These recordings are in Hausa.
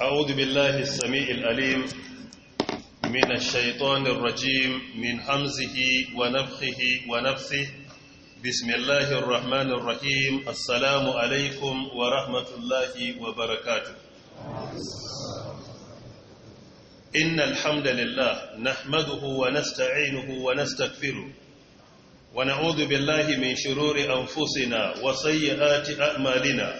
أعوذ بالله السميع الأليم من الشيطان الرجيم من همزه ونفخه ونفسه بسم الله الرحمن الرحيم السلام عليكم ورحمة الله وبركاته إن الحمد لله نحمده ونستعينه ونستغفره ونعوذ بالله من شرور أنفسنا وسيئات أعمالنا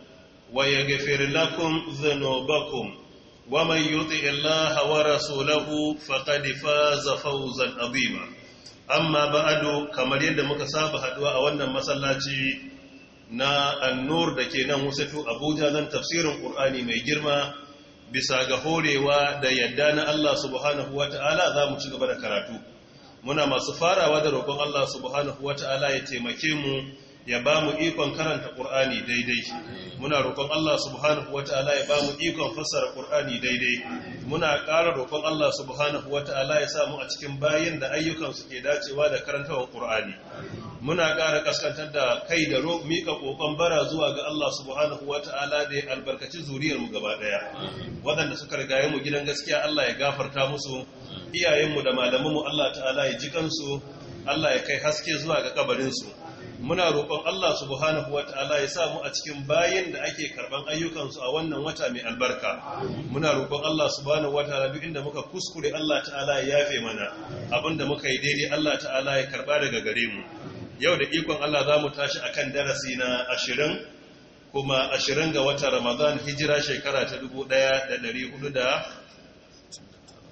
ويغفر لكم ذنوبكم ومن يطع الله ورسوله فقد فاز فوزا عظيما اما بعد كما saba haɗuwa a wannan masallaci na annur da ke nan wasatu abuja zan tafsirin ƙur'ani mai girma bisa ga horewa da yadda na Allah subhanahu wa ta'ala za mu ci gaba da karatu muna masu farawa da roƙon Allah subhanahu wa ya taimake mu ya ba mu ikon karanta ƙur'ani daidai muna roƙon Allah subhanahu wata'ala ya ba mu ikon fassara ƙur'ani daidai muna ƙara roƙon Allah subhanahu wata'ala ya samu a cikin bayan da ayyukan suke dacewa da karantawan ƙur'ani muna ƙara kaskantar da kai da mika ƙoƙon bara zuwa ga Allah subhanahu wata'ala da ya albarkaci mu gaba ɗaya waɗanda suka rigaye mu gidan gaskiya Allah ya gafarta musu iyayenmu da malamanmu Allah ta'ala ya ji kansu Allah ya kai haske zuwa ga kabarinsu muna roƙon Allah subhanahu wa ta'ala ya samu a cikin bayan da ake karban ayyukansu a wannan wata mai albarka muna roƙon Allah subhanahu wa ta'ala duk inda muka kuskure Allah ta'ala ya yafe mana abinda muka yi daidai Allah ta'ala ya karɓa daga gare mu yau da ikon Allah za mu tashi akan darasi na ashirin kuma ashirin ga wata Ramadan hijira shekara ta dubu ɗaya da ɗari hudu da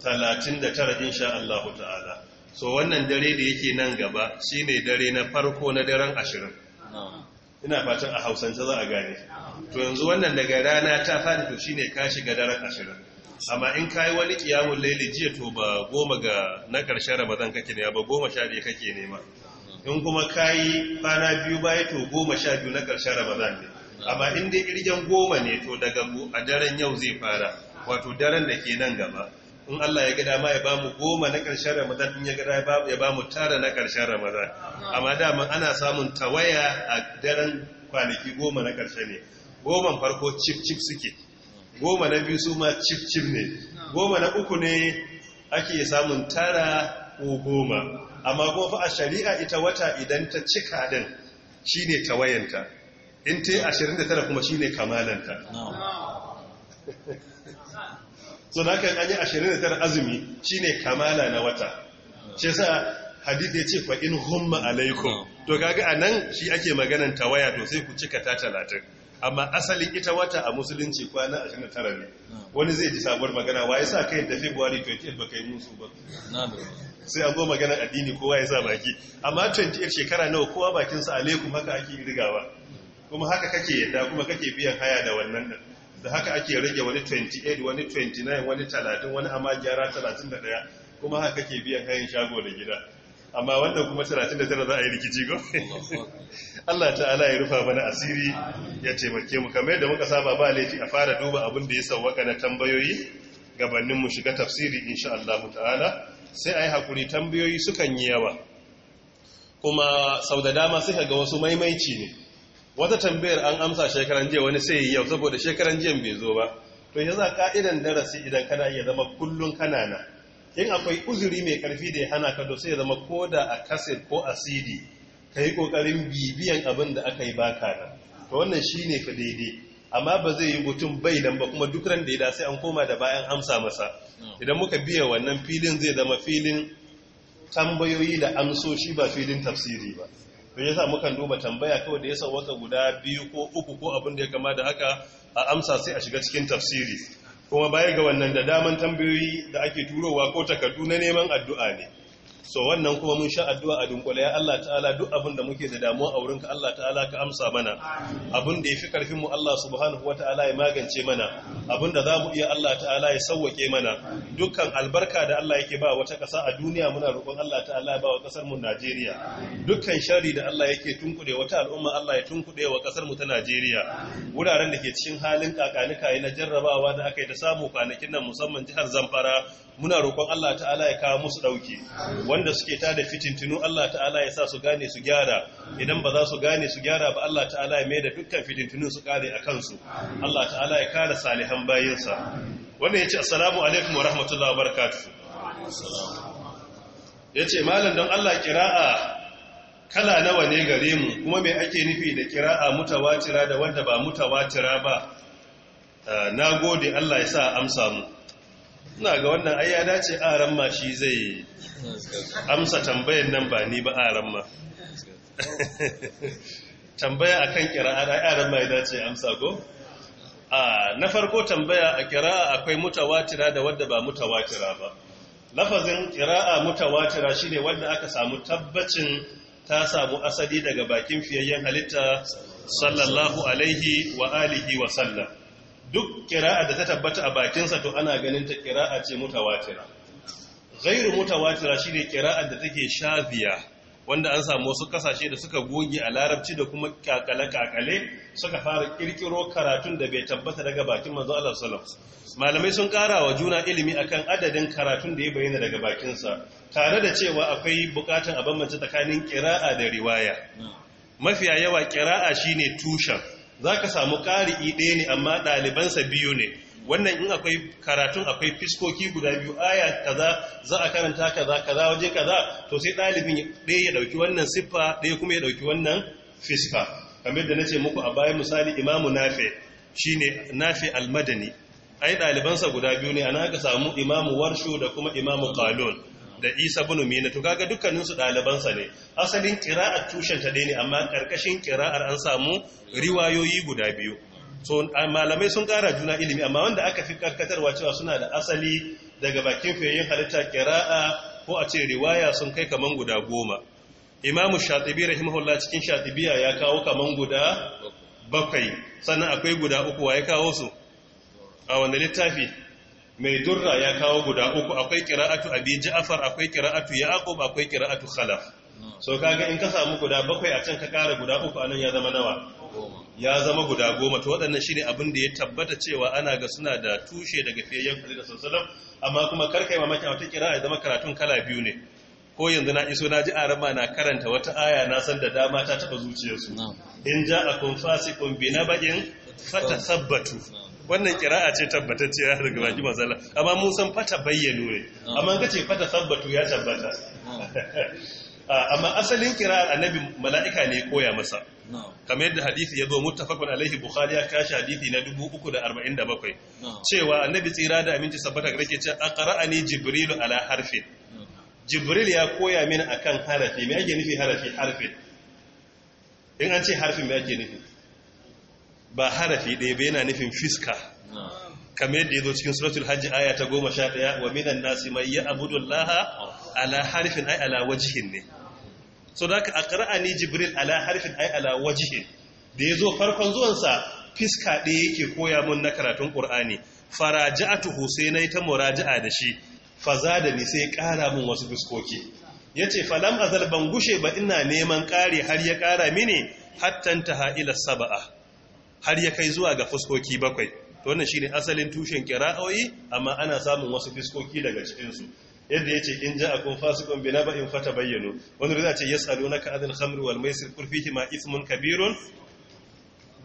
talatin da tara insha Allah ta'ala so wannan dare da yake nan gaba ne dare na farko na daren ashirin ina fatan a hausance za a gane to yanzu wannan daga rana ta fadi to shi ne ka shiga daren ashirin amma in ka yi wani kiyamun laili jiya to ba goma ga na ƙarshen ramadan kake ne ba goma sha biyu kake nema in kuma ka yi kwana biyu baya to goma sha biyu na ƙarshen ramadan ne amma in dai irgen goma ne to daga a daren yau zai fara wato daren da ke nan gaba in Allah ya ga ma ya bamu goma na ƙarshen Ramadan in ya ga ya ba bamu tara na ƙarshen Ramadan amma daman ana samun tawaya a daren kwanaki goma na ƙarshe ne goma farko cif cif suke goma na biyu su ma cif cif ne goma na uku ne ake samun tara ko goma amma goma fa a shari'a ita wata idan ta cika din ne tawayanta in ta yi ashirin da tara kuma shi ne kamalanta so da kan anyi 29 azumi shine kamala na wata shi sa hadith ya ce fa in humma alaikum to kaga anan shi ake maganan tawaya to sai ku cika ta 30 amma asalin ita wata a musulunci kwana 29 ne wani zai ji sabuwar magana waye sa kai da february 28 baka yi musu ba sai an zo magana addini kowa ya sa baki amma 28 shekara nawa kowa bakin sa alaikum haka ake rigawa kuma haka kake yadda kuma kake biyan haya da wannan din da haka ake rage wani 28 wani 29 wani 30 wani amma gyara 31 kuma haka ke biyan hayan shago da gida amma wannan kuma 39 za a yi rikici go Allah ta'ala ya rufa mana asiri ya taimake mu kamar da muka saba ba laifi a fara duba abin da ya sauwaka na tambayoyi gabanin mu shiga tafsiri insha Allah ta'ala sai ai hakuri tambayoyi sukan yi yawa kuma sau da dama sai ga wasu maimaici ne wata tambayar an amsa shekaran jiya wani sai yau saboda shekaran jiyan bai zo ba to yanzu ka'idan darasi idan kana iya zama kullun kana na in akwai uzuri mai karfi da ya hana ka to sai ya zama koda a kaset ko a cd ka yi kokarin bibiyan abin da aka yi baka na to wannan shine ka daidai amma ba zai yi mutum bai nan ba kuma duk ran da ya sai an koma da bayan amsa masa idan muka biya wannan filin zai zama filin tambayoyi da amsoshi ba filin tafsiri ba to yasa mukan duba tambaya kawai da ya sawaka guda biyu ko uku ko abin da ya kama da haka a amsa sai a shiga cikin tafsiri kuma baya ga wannan da daman tambayoyi da ake turowa ko takardu na neman addu'a ne so wannan kuma mun sha addu'a a dunkule ya Allah ta'ala duk abin da muke da damuwa a wurinka Allah ta'ala ka amsa mana abin da ya fi mu Allah subhanahu wa ya magance mana abin da zamu iya Allah ta'ala ya sauwake mana dukkan albarka da Allah yake ba wata kasa a duniya muna roƙon Allah ta'ala ya ba wa kasar mu Najeriya dukkan shari da Allah yake tunkude wata al'umma Allah ya tunkude wa kasar mu ta Najeriya wuraren da ke cikin halin kakanika na jarrabawa da aka yi ta samu kwanakin nan musamman jihar Zamfara muna roƙon Allah ta'ala ya kawo musu ɗauke wanda suke ta da fitintinu Allah ta'ala ya sa su gane su gyara idan ba za su gane su gyara ba Allah ta'ala ya mai da dukkan fitintinu su kare a kansu Allah ta'ala ya kare salihan bayinsa wannan ya ce assalamu alaikum wa rahmatullahi wa barakatuhu ya ce malam don Allah kira'a kala nawa ne gare mu kuma me ake nufi da kira'a mutawatira da wanda ba mutawatira ba eh, na gode Allah ya sa amsa mu na ga wannan ai ce dace aran ma shi zai amsa tambayan nan ba ni ba aran ma tambaya akan kira'a aran ma ya dace amsa go a na farko tambaya a kira'a akwai mutawatira da wadda ba mutawatira ba lafazin kira'a mutawatira ne wadda aka samu tabbacin ta samu asali daga bakin fiyayyen halitta sallallahu alaihi wa alihi wa sallam duk kira'a da ta tabbata a bakinsa to ana ganin ta kira'a ce mutawatira ghairu mutawatira shine kira'a da take shafiya wanda an samu wasu kasashe da suka goge a larabci da kuma kakale kakale suka fara kirkiro karatun da bai tabbata daga bakin manzo Allah sallallahu alaihi malamai sun kara wa juna ilimi akan adadin karatun da ya bayyana daga bakinsa tare da cewa akwai bukatun a mace tsakanin kira'a da riwaya hmm. mafiya yawa kira'a shine tushen za ka samu ƙari'i ɗaya ne amma ɗalibansa biyu ne wannan in akwai karatun akwai fiskoki guda biyu aya kaza za a karanta kaza kaza waje kaza to sai ɗalibin ɗaya ya ɗauki wannan siffa ɗaya kuma ya ɗauki wannan fiska kamar da na ce muku a bayan misali imamu nafe shi ne nafe almadani ai ɗalibansa guda biyu ne ana ka samu imamu warsho da kuma imamu kalon da isa bin umina to kaga dukkaninsu ɗalibansa ne asalin kira'ar tushen ta ne amma ƙarƙashin ƙira'ar an samu riwayoyi guda biyu so malamai sun ƙara juna ilimi amma wanda aka fi karkatarwa cewa suna da asali daga bakin fiyayyen halitta ƙira'a ko a ce riwaya sun kai kamar guda goma imamu shatibi rahimahullah cikin shatibiya ya kawo kamar guda bakwai sannan akwai guda uku wa ya kawo su a wanda littafi mai durra ya kawo guda uku akwai qira'atu abi ja'far akwai qira'atu yaqub akwai qira'atu khalaf so kaga in ka samu guda bakwai a can ka kara guda uku anan ya zama nawa ya zama guda goma to waɗannan shine abin da ya tabbata cewa ana ga suna da tushe daga fiyayyen da sallallahu amma kuma karkai mamaki a wata kira ya zama karatun kala biyu ne ko yanzu na iso ji arama na karanta wata aya na san da dama ta taba zuciyarsu in ja'akum fasiqun bi nabain fatasabbatu wannan kira'a ce ya daga baki masala amma mun san fata bayyano ne amma ce fata sabbatu ya tabbata ah, amma asalin kira'ar annabi mala'ika ne koya masa kamar yadda hadisi ya zo muttafaqun alaihi bukhari ya kashi hadisi na 347 cewa annabi tsira da aminci sabbata gare ke ce aqra'ani jibril ala harfin jibril ya koya min akan harafi me ake nufi harafi harfin in an ce harfin me ake nufi ba harafi ɗaya ba yana nufin fiska kamar yadda ya zo cikin suratul hajji aya ta goma sha ɗaya wa minan nasi mai yi laha ala harfin ai ala wajihin ne so da aka akara ni jibril ala harfin ai ala wajihin da ya zo farkon zuwansa fiska ɗaya yake koya mun na karatun ƙur'ani faraja'atuhu sai na yi ta muraja'a da shi faza da ni sai ƙara mun wasu fiskoki ya ce falam azal ban gushe ba ina neman ƙari har ya ƙara mini hattanta ha'ila saba'a har ya kai zuwa ga fuskoki bakwai to wannan shine asalin tushen kira'o'i amma ana samun wasu fuskoki daga cikin su yadda yace in ja akun fasiqun bi naba'in fatabayyanu wani zai ce yas'alunaka adil khamri wal maisir qul fihi ma ithmun kabirun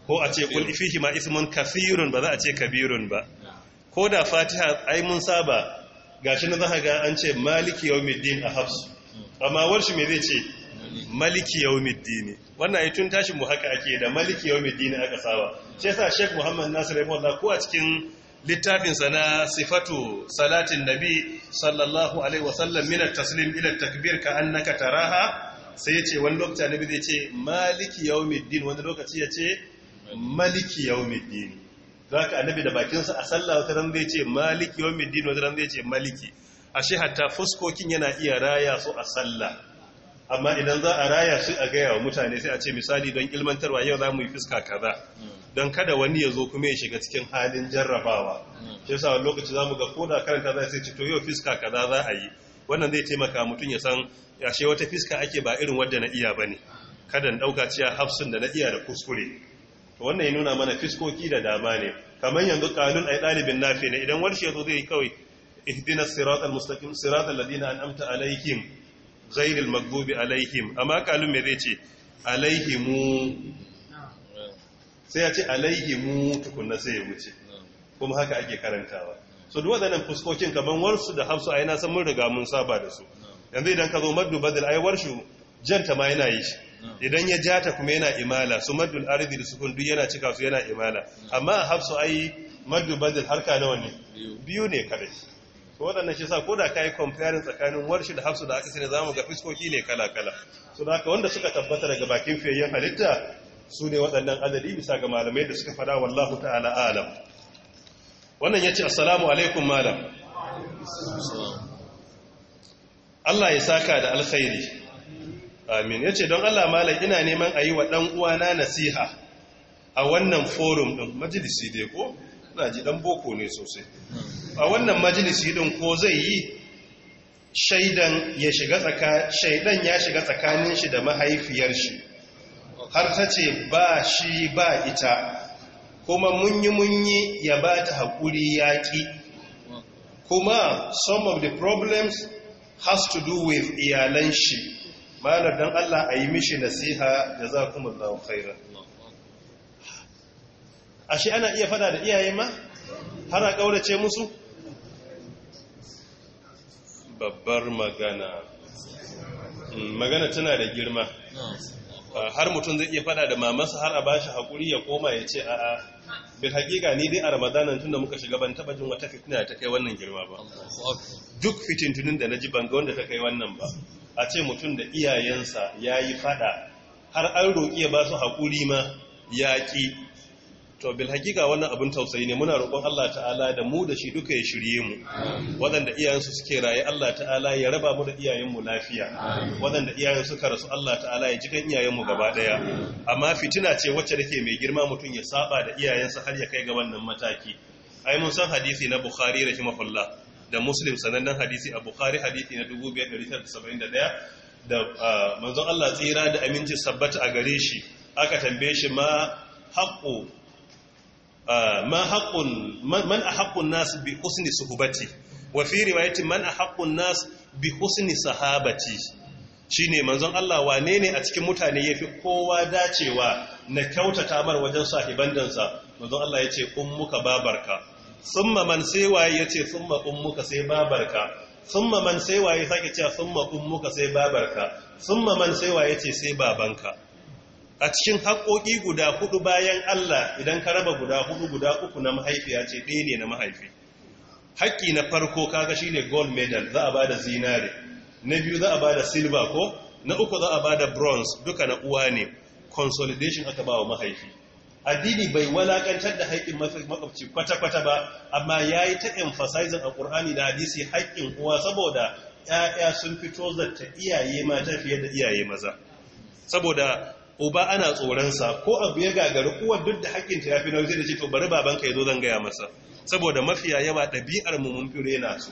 ko a ce qul fihi ma ithmun kathirun ba za a ce kabirun ba ko da fatiha ai mun saba gashi na zaka ga an ce maliki yawmiddin a hafsu amma warshi me zai ce maliki yawmiddin wannan tun tashi mu haka ake da maliki middini aka saba shi yasa Sheikh muhammadu Nasir rahimahullah ko kuwa cikin littafinsa na sifatu salatin nabi sallallahu alaihi wasallam minar taslim ilar takbir ka annaka taraha sai ya ce wani lokaci nabi zai ce maliki middini wani lokaci ce maliki za ka annabi da bakinsa a sallah wata ran zai ce maliki middini wata ran zai ce maliki ashe hatta fuskokin yana iya raya su a sallah amma idan za a raya su a gaya wa mutane sai a ce misali don ilmantarwa yau za mu yi fuska kaza don kada wani ya zo kuma ya shiga cikin halin jarrabawa shi yasa lokaci za mu ga ko da karanta za sai ce to yau fuska kaza za a yi wannan zai taimaka mutum ya san yashe wata fuska ake ba irin wadda na iya ba ne kadan dauka ciya hafsun da na iya da kuskure wannan ya nuna mana fiskoki da dama ne kamar yanzu kalun ai dalibin nafi ne idan wani shi zai kawai ihdinas siratal mustaqim siratal ladina an'amta alaihim ghairil maghdubi alaihim amma kalun me zai ce alaihimu sai ya ce alaihimu tukunna sai ya wuce kuma haka ake karantawa so duk waɗannan fuskokin kaman warsu da hafsu ai na san mun riga mun saba da su yanzu idan ka zo maddu badal ai warshu janta ma yana yi shi idan ya jata kuma yana imala su maddul ardi da sukun duk yana cika su yana imala amma hafsu ai maddu badal harka nawa ne biyu ne kadai so waɗannan shi sa ko da ka yi kwamfiyarin tsakanin warshi da hafsu da aka sani zamu ga fiskoki ne kala-kala so da haka wanda suka tabbata daga bakin fiyayyen halitta su ne waɗannan adadi bisa ga malamai da suka fada wallahu ta'ala alam wannan ya ce assalamu alaikum malam Allah ya saka da alkhairi amin ya ce don Allah malam ina neman a yi wa ɗan uwana nasiha a wannan forum ɗin majalisi dai ko na ji ɗan boko ne sosai a wannan majalisi din ko zai yi shaidan ya shiga tsaka shaidan ya shiga tsakanin shi da mahaifiyar shi har ta ce ba shi ba ita kuma munyi munyi ya ba ta haƙuri yaƙi kuma some of the problems has to do with iyalan shi malar don Allah a yi mishi nasiha da za kuma zaun a ashe ana iya fada da iyaye ma har a ƙaurace musu babbar magana hmm, magana tana da girma ah, har mutum zai iya fada da mamansa har a ba shi haƙuri ya koma ya ce a'a bil haƙiƙa ni dai a ramadanan da muka shiga ban taɓa jin wata fitina ta kai wannan girma ba duk fitintunin da na ji ban ga wanda ta kai wannan ba a ce mutum da iyayensa ya yi fada har an roƙi ya ba su haƙuri ma ƙi to bil hakika wannan abin tausayi ne muna roƙon Allah ta'ala da mu da shi duka ya shirye mu waɗanda iyayensu suke raye Allah ta'ala ya raba mu da iyayenmu lafiya waɗanda iyayen suka rasu Allah ta'ala ya ji kan iyayenmu gaba ɗaya amma fitina ce wacce take mai girma mutum ya saba da iyayensa har ya kai ga wannan mataki ai mun san hadisi na Bukhari da rahimahullah da Muslim sanannen hadisi a Bukhari hadisi na 2971 da manzon Allah tsira da aminci sabbata a gare shi aka tambaye shi ma haƙo Man a man nasu bi husni hubati. wa fi riwayati man haƙƙun nasu bi husni sahabati ne, manzon Allah wane ne a cikin mutane ya fi kowa dacewa na kyautata mar wajen sahiban dansa manzon Allah ya yace muka babarka Summa man sai waye yace thumma ummuka sai babarka Summa man sai waye sake cewa sai babarka Summa man sai waye ce sai babanka a cikin haƙoƙi guda hudu bayan Allah idan ka raba guda hudu guda uku na mahaifiya ce ɗaya ne na mahaifi haƙƙi na farko kaga shine gold medal za a ba da zinare na biyu za a ba da silver ko na uku za a ba da bronze duka na uwa ne consolidation aka ba wa mahaifi addini bai walakantar da haƙƙin makwabci kwata-kwata ba amma ya yi ta emphasizing a ƙur'ani da hadisi haƙƙin uwa saboda ‘ya'ya sun fito zata iyaye mata fiye da iyaye maza saboda uba ana tsoronsa ko abu ya gagari uwar duk da ta ya fi nauyi da ce to bari babanka ya zo zan gaya masa saboda mafiya yawa ɗabi'ar mu mun fure na su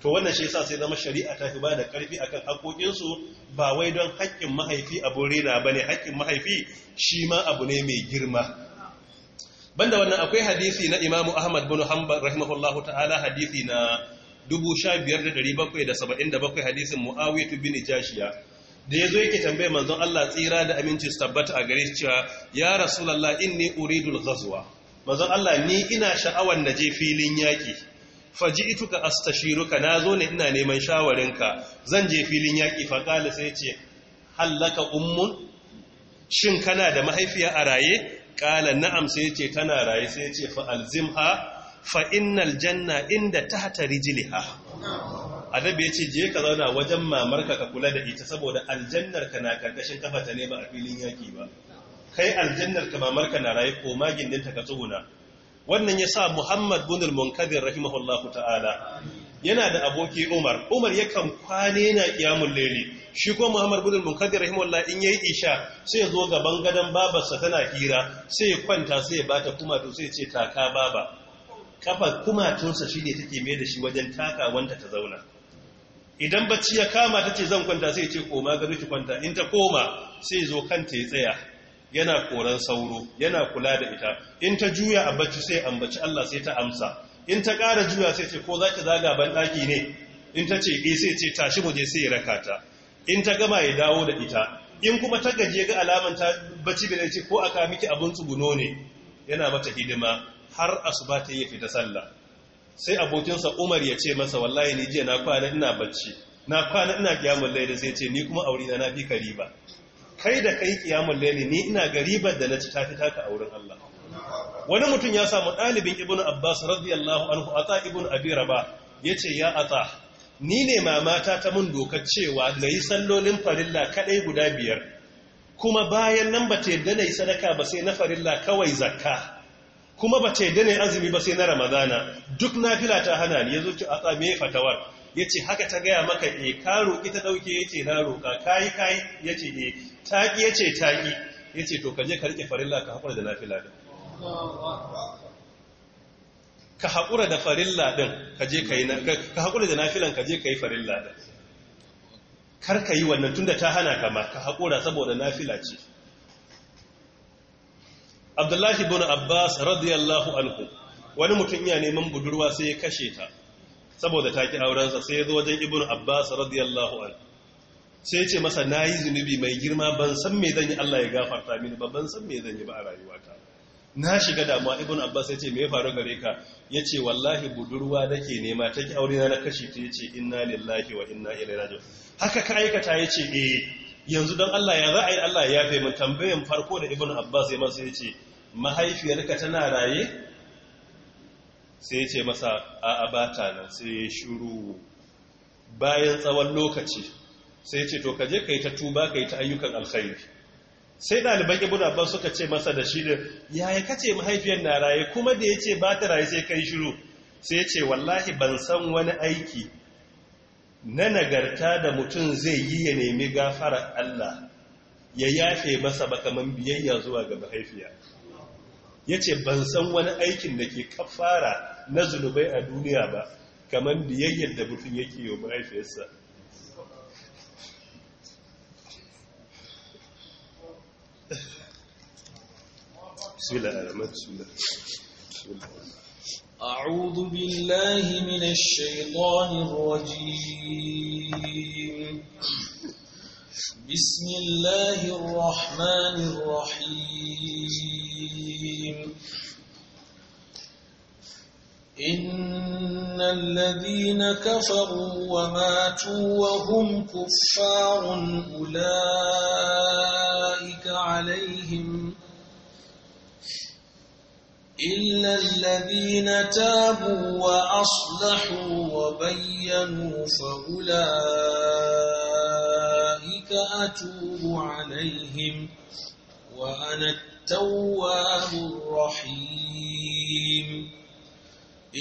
to wannan shi yasa sai zama shari'a ta fi ba da ƙarfi akan su ba wai don haƙƙin mahaifi abu rena ba ne haƙƙin mahaifi shi ma abu ne mai girma banda wannan akwai hadisi na imamu ahmad bin hanbal rahimahullahu ta'ala hadisi na 1577 hadisin muawiyatu bin jashiya da ya zo yake tambaye manzon Allah tsira da aminci su tabbata a gare shi cewa ya rasulullah inni uridul ghazwa manzon Allah ni ina sha'awar na je filin yaki shiruka, astashiruka nazo ne ina neman shawarinka zan je filin yaki fa qala sai ce hallaka ummun shin kana da mahaifiya a raye qala na'am sai ce tana raye sai ce fa alzimha fa innal janna inda tahta rijliha annabi ya ce je ka zauna wajen mamarka ka kula da ita saboda aljannar ka na karkashin kafata ne ba a filin yaki ba kai aljannar ka mamarka na rayu ko magin dinta ka tsuguna wannan ya sa muhammad bin munkadir ta'ala yana da aboki umar umar yakan kwane na kiyamun Leli. shi ko muhammad bin al-munkadir rahimahullah in yayi isha sai ya zo gaban gadon babarsa tana hira sai ya kwanta sai ya bata kuma to sai ya ce taka baba kafa kumatunsa shi ne take mai da shi wajen taka wanda ta zauna idan bacci ya kama ta ce zan kwanta sai ce koma gado ki kwanta in ta koma sai zo kan ta ya tsaya yana koran sauro yana kula da ita in ta juya a bacci sai ambaci Allah sai ta amsa in ta ƙara juya sai ce ko za ki zaga ban ɗaki ne in ta ce e sai ce tashi muje sai ya raka ta in ta gama ya dawo da ita in kuma ta gaje ga alamar ta bacci da ce ko aka miki abun tsuguno ne yana mata hidima har asuba ta yi fita sallah sai abokinsa umar ya ce masa wallahi ni jiya na kwana ina bacci na kwana ina kiyamun laili sai ce ni kuma aure na fi ka riba kai da kai kiyamun laili ni ina ga ribar da na ci tafi taka auren Allah wani mutum ya samu ɗalibin Ibn abbas radiyallahu anhu ata ibnu abi raba yace ya ata ni ne mamata ta mun doka cewa na yi sallolin farilla kadai guda biyar kuma bayan nan ba ta yadda yi sadaka ba sai na farilla kawai zakka kuma ba ce dane azumi ba sai na ramadana duk na fila ta hana ni zo ki a tsame fatawar yace haka ta gaya maka E, ka roki ta dauke yace na roka kai kai yace eh taki yace ya yace to kaje ka rike farilla ka hakura da nafila din ka hakura da farilla din kaje kai ka hakura da nafilan kaje kai farilla din kar ka yi wannan tunda ta hana ka ma ka hakura saboda nafila ce abdullahi bin abbas radiyallahu anhu wani mutum ya neman budurwa sai ya kashe ta saboda ta ki aurensa sai ya zo wajen ibn abbas radiyallahu anhu sai ya ce masa na yi zunubi mai girma ban san me zan yi allah ya gafarta mini ba ban san me zan yi ba a rayuwata na shiga damuwa ibn abbas ya ce me ya faru gare ka ya ce wallahi budurwa da ke nema ta ki aure na kashe ta ya ce inna lillahi wa inna ilaihi raji'un haka ka aikata ya ce eh yanzu don allah ya za yi allah ya yafe mun tambayan farko da ibn abbas ya masa ya ce mahaifiyarka tana raye sai ce masa a abata nan sai ya shuru bayan tsawon lokaci sai ce to kaje ka yi ta tuba ka yi ta ayyukan alkhairi sai ɗaliban ibn abbas suka ce masa da shi da yaya kace mahaifiyar na raye kuma da yace ce ba ta raye sai kai shiru sai ce wallahi ban san wani aiki na nagarta da mutum zai yi ya nemi gafara Allah ya yafe masa bakaman biyayya zuwa ga mahaifiya ya ce ban san wani aikin da ke kafara na zunubai a duniya ba kamar biyayyar da mutum yake yi wa mahaifiyarsa أعوذ بالله من الشيطان الرجيم بسم الله الرحمن الرحيم إن الذين كفروا وماتوا وهم كفار أولئك عليهم إلا الذين تابوا وأصلحوا وبينوا فأولئك أتوب عليهم وأنا التواب الرحيم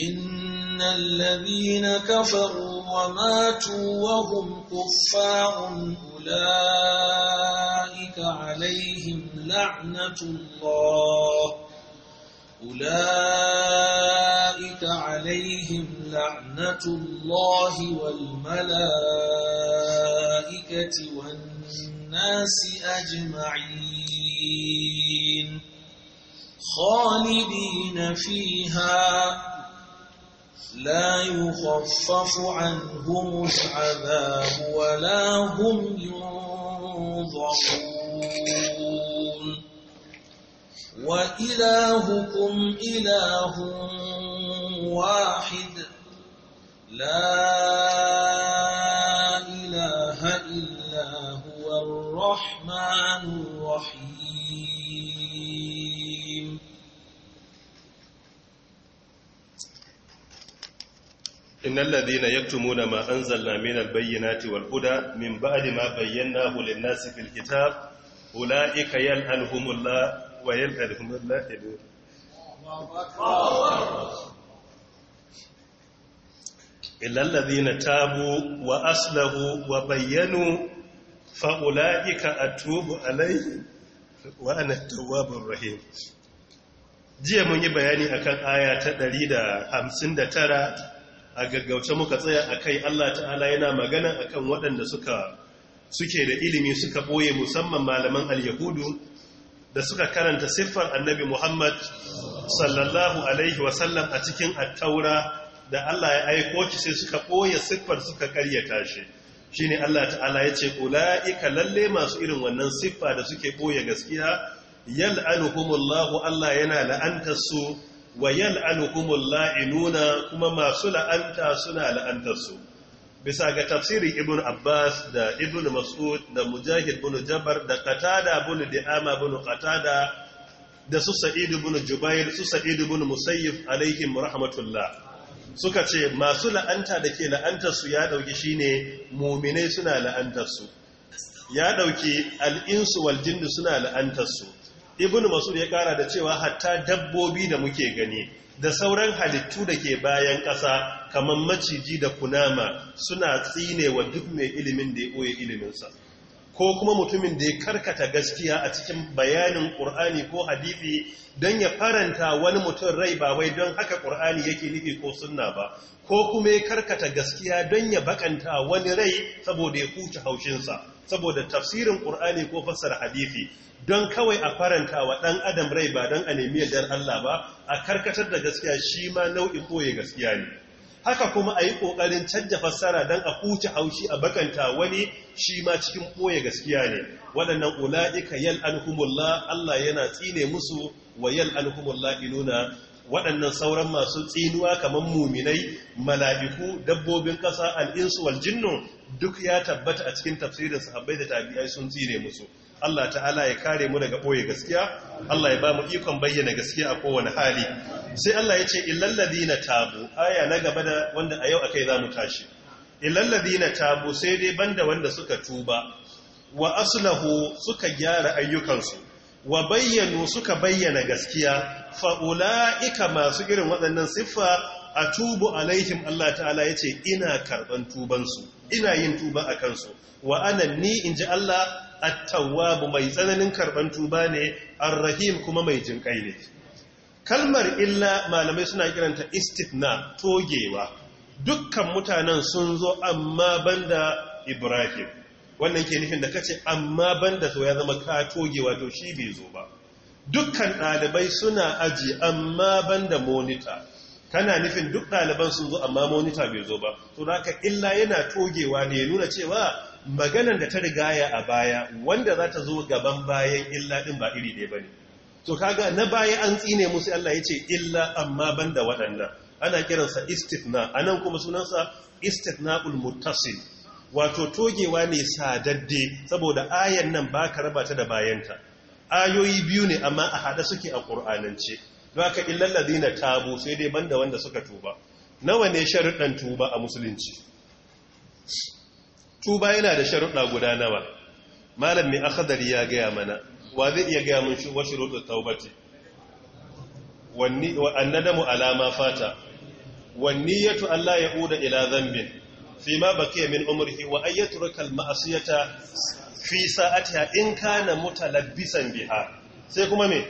إن الذين كفروا وماتوا وهم كفار أولئك عليهم لعنة الله أولئك عليهم لعنة الله والملائكة والناس الناس أجمعين خالدين فيها لا يخفف عنهم العذاب ولا هم ينظرون وإلهكم إله واحد لا innal ladhina yaktumuna ma anzalna minal bayyinati wal huda min ba'di ma bayyanahu lin-nasi fil kitab ulaika yal'anuhumullah wa yal'anuhumul lahidun illal ladhina tabu wa aslahu wa bayyanu fa ulaika atubu alayhim wa ana tawwabur rahim jiya mun yi bayani akan aya ta 159 a gaggauce muka tsaya a kai Allah ta'ala yana magana a kan waɗanda suke da ilimi suka ɓoye musamman malaman al-yahudu da suka karanta siffar annabi muhammad sallallahu alaihi wasallam a cikin attaura da Allah ya aiko ki sai suka ɓoye siffar suka karyata shi shi ne Allah ta'ala ya ce ƙula'ika lalle masu irin wannan siffa da suke ɓoye gaskiya yal'anuhumullahu Allah yana la'antar su wa yal'anukumul la'inuna kuma masu la'anta suna la'antarsu. bisa ga tafsirin ibn abbas da ibn mas'ud da mujahid bin jabar da qatada bin di'ama bin qatada da su sa'id bin jubair su sa'id bin musayyib alaihim rahmatullah suka ce masu la'anta da ke la'antar su ya dauki shine mu'minai suna la'antarsu. ya ɗauki al'insu wal jinni suna la'antarsu. ibn masud ya kara da cewa hatta dabbobi da muke gani da sauran halittu da ke bayan ƙasa kamar maciji da kunama suna tsine wa duk mai ilimin da ya ɓoye iliminsa ko kuma mutumin da ya karkata gaskiya a cikin bayanin ƙur'ani ko hadisi don ya faranta wani mutum rai ba wai don haka ƙur'ani yake nufi ko sunna ba ko kuma ya karkata gaskiya don ya bakanta wani rai saboda ya huce haushinsa saboda tafsirin ƙur'ani ko fassar hadisi. don kawai a faranta wa ɗan adam rai ba don a nemi yardar Allah ba a karkatar da gaskiya shi ma nau'in ɓoye gaskiya ne haka kuma a yi ƙoƙarin canja fassara don a huce haushi a bakanta wani shi ma cikin ɓoye gaskiya ne waɗannan ula'ika yal alhumullah Allah yana tsine musu wa yal alhumullah inuna waɗannan sauran masu tsinuwa kamar muminai mala'iku dabbobin ƙasa al'insu wal jinnu duk ya tabbata a cikin tafsirin sahabbai da tabi'ai sun tsine musu Allah ta'ala ya kare mu daga ɓoye gaskiya Allah ya ba mu ikon bayyana gaskiya a kowane hali sai Allah ya ce na tabu aya na gaba da wanda a yau akai za mu tashi na tabu sai dai banda wanda suka tuba wa asulahu suka gyara ayyukansu wa bayyanu suka bayyana gaskiya Fa'ula, ika masu irin waɗannan siffa a tubu alaihim Allah ta'ala ya ce ina karɓan tubansu ina yin tuba a kansu wa'anan ni in ji Allah at mai tsananin karban tuba ne ar-rahim kuma mai jinkai ne kalmar illa malamai suna kiranta istitna togewa dukkan mutanen sun zo amma banda ibrahim wannan ke nufin da kace amma banda to ya zama ka togewa to shi bai zo ba dukkan ɗalibai suna aji amma banda monita kana nufin duk ɗaliban sun zo amma monita bai zo ba to da illa yana togewa ne ya nuna cewa Maganan da ta rigaya a baya wanda za ta zo gaban bayan illa ɗin ba iri ɗaya ba ne to kaga na baya an tsine musu Allah ya ce illa amma ban da waɗannan ana kiransa istifna a nan kuma sunansa istifna'ul muttasil wato togewa ne sadadde saboda ayan nan ba ka raba ta da bayanta ayoyi biyu ne amma a haɗa suke a ƙur'anance ba ka illallazi na tabo sai dai ban da wanda suka tuba nawa ne sharuɗan tuba a musulunci tuba yana da sharuɗa guda nawa malam mai akadar ya gaya mana wa zai iya gaya mun wa shuruɗu taubati wanni wa annadamu alama fata wanni yatu Allah ya uda ila zambin fi ma baqiya min umrihi wa ayyatruka al ma'siyata fi sa'atiha in kana mutalabbisan biha sai kuma me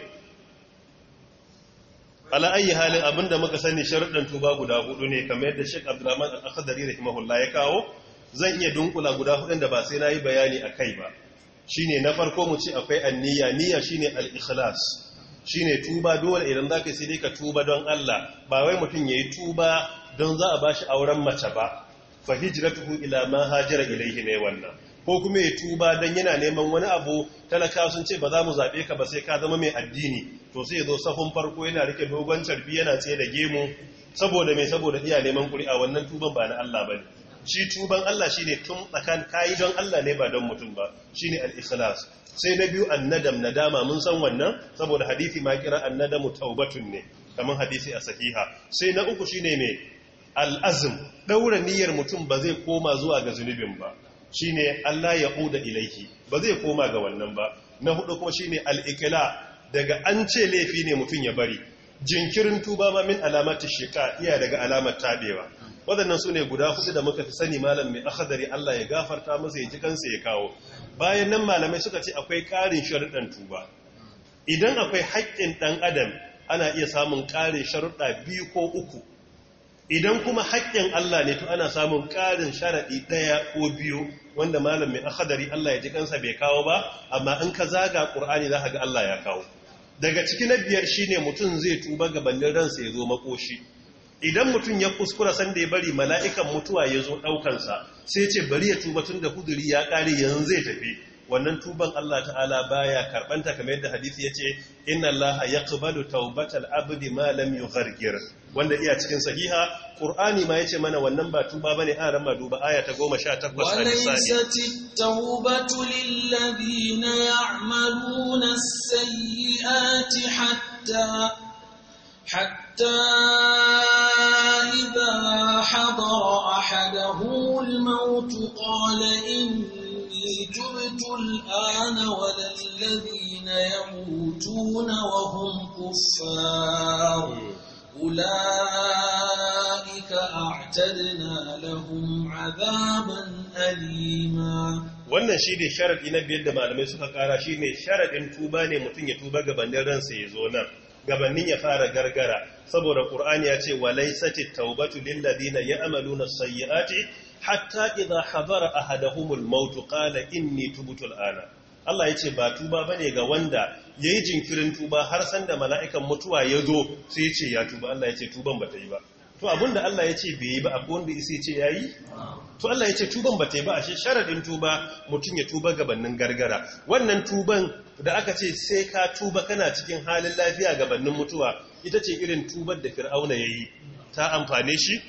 ala ayi halin abinda muka sani sharuɗan tuba guda hudu ne kamar yadda shek Abdulrahman Al-Akhdari rahimahullah ya kawo zan iya dunkula guda hudun da ba sai na yi bayani a kai ba Shi ne na farko mu ce akwai anniya niyya ne al Shi ne tuba dole idan zaka sai dai ka tuba don Allah ba wai mutum ya yi tuba don za a ba shi auren mace ba fa tuku ila ma hajara ilayhi ne wannan ko kuma ya tuba don yana neman wani abu talaka sun ce ba za mu zaɓe ka ba sai ka zama mai addini to sai ya zo sahun farko yana rike dogon carbi yana tsaye da gemu saboda mai saboda iya neman ƙuri'a wannan tuban ba na Allah ba ne shi tuban Allah shi ne tun tsakan kayi don Allah ne ba don mutum ba shi ne al'ikhlas sai na biyu annadam dama mun san wannan saboda hadithi ma kira annadamu taubatun ne kamar hadithi a sahiha sai na uku shi ne mai al'azim ɗaura niyyar mutum ba zai koma zuwa ga zunubin ba shi ne Allah ya ƙuda ilaiki ba zai koma ga wannan ba na hudu kuma shi ne al'ikila daga an ce laifi ne mutum ya bari jinkirin tuba ma min alamata shika iya daga alamar tabewa waɗannan su ne guda hudu da muka fi sani malam mai akhadari Allah ya gafarta masa ya ji kansa ya kawo bayan nan malamai suka ce akwai ƙarin sharuɗan tuba idan akwai haƙƙin ɗan adam ana iya samun ƙarin sharuɗa biyu ko uku idan kuma haƙƙin Allah ne to ana samun ƙarin sharaɗi ɗaya ko biyu wanda malam mai akhadari Allah ya ji kansa bai kawo ba amma in ka zaga ƙur'ani za ka ga Allah ya kawo daga ciki na biyar shine mutum zai tuba gabanin ransa ya zo makoshi idan mutum ya kuskura sanda ya bari mala'ikan mutuwa ya zo ɗaukansa sai ce bari ya tuba tun da kuduri ya ƙare yanzu zai tafi wannan tuban Allah ta'ala baya karɓanta kamar yadda Hadith ya ce inna Allah ya kubalu taubatal abdi malam yu gargir wanda iya cikin sahiha ƙur'ani ma ya ce mana wannan ba tuba ba ne an ma duba aya ta goma sha takwas a nisa'i حتى إذا حضر أحدهم الموت قال إني تبت الآن ولا الذين يموتون وهم كفار أولئك أعتدنا لهم عذابا أليما wannan shi ne sharaɗi na biyar da malamai suka ƙara shi ne sharaɗin tuba ne mutum ya tuba gabanin ransa ya zo nan gabanin ya fara gargara saboda ƙur'ani ya ce walaysatit tawbatu na ladina ya'maluna sayyi'ati hatta a hadara ahaduhumul maut qala inni tubtu al'ana Allah ya ce ba tuba bane ga wanda yayi jinkirin tuba har sanda da mala'ikan mutuwa ya zo sai ya ce ya tuba Allah ya ce tuban bata yi ba to abinda Allah ya ce bai yi ba abu wanda ya ce ya yi to Allah ya ce tuban ba ta yi ba ashe sharadin tuba mutum ya tuba gabanin gargara wannan tuban da aka ce sai ka tuba kana cikin halin lafiya gabanin mutuwa ita ce irin tubar da fir'auna ya yi ta amfane shi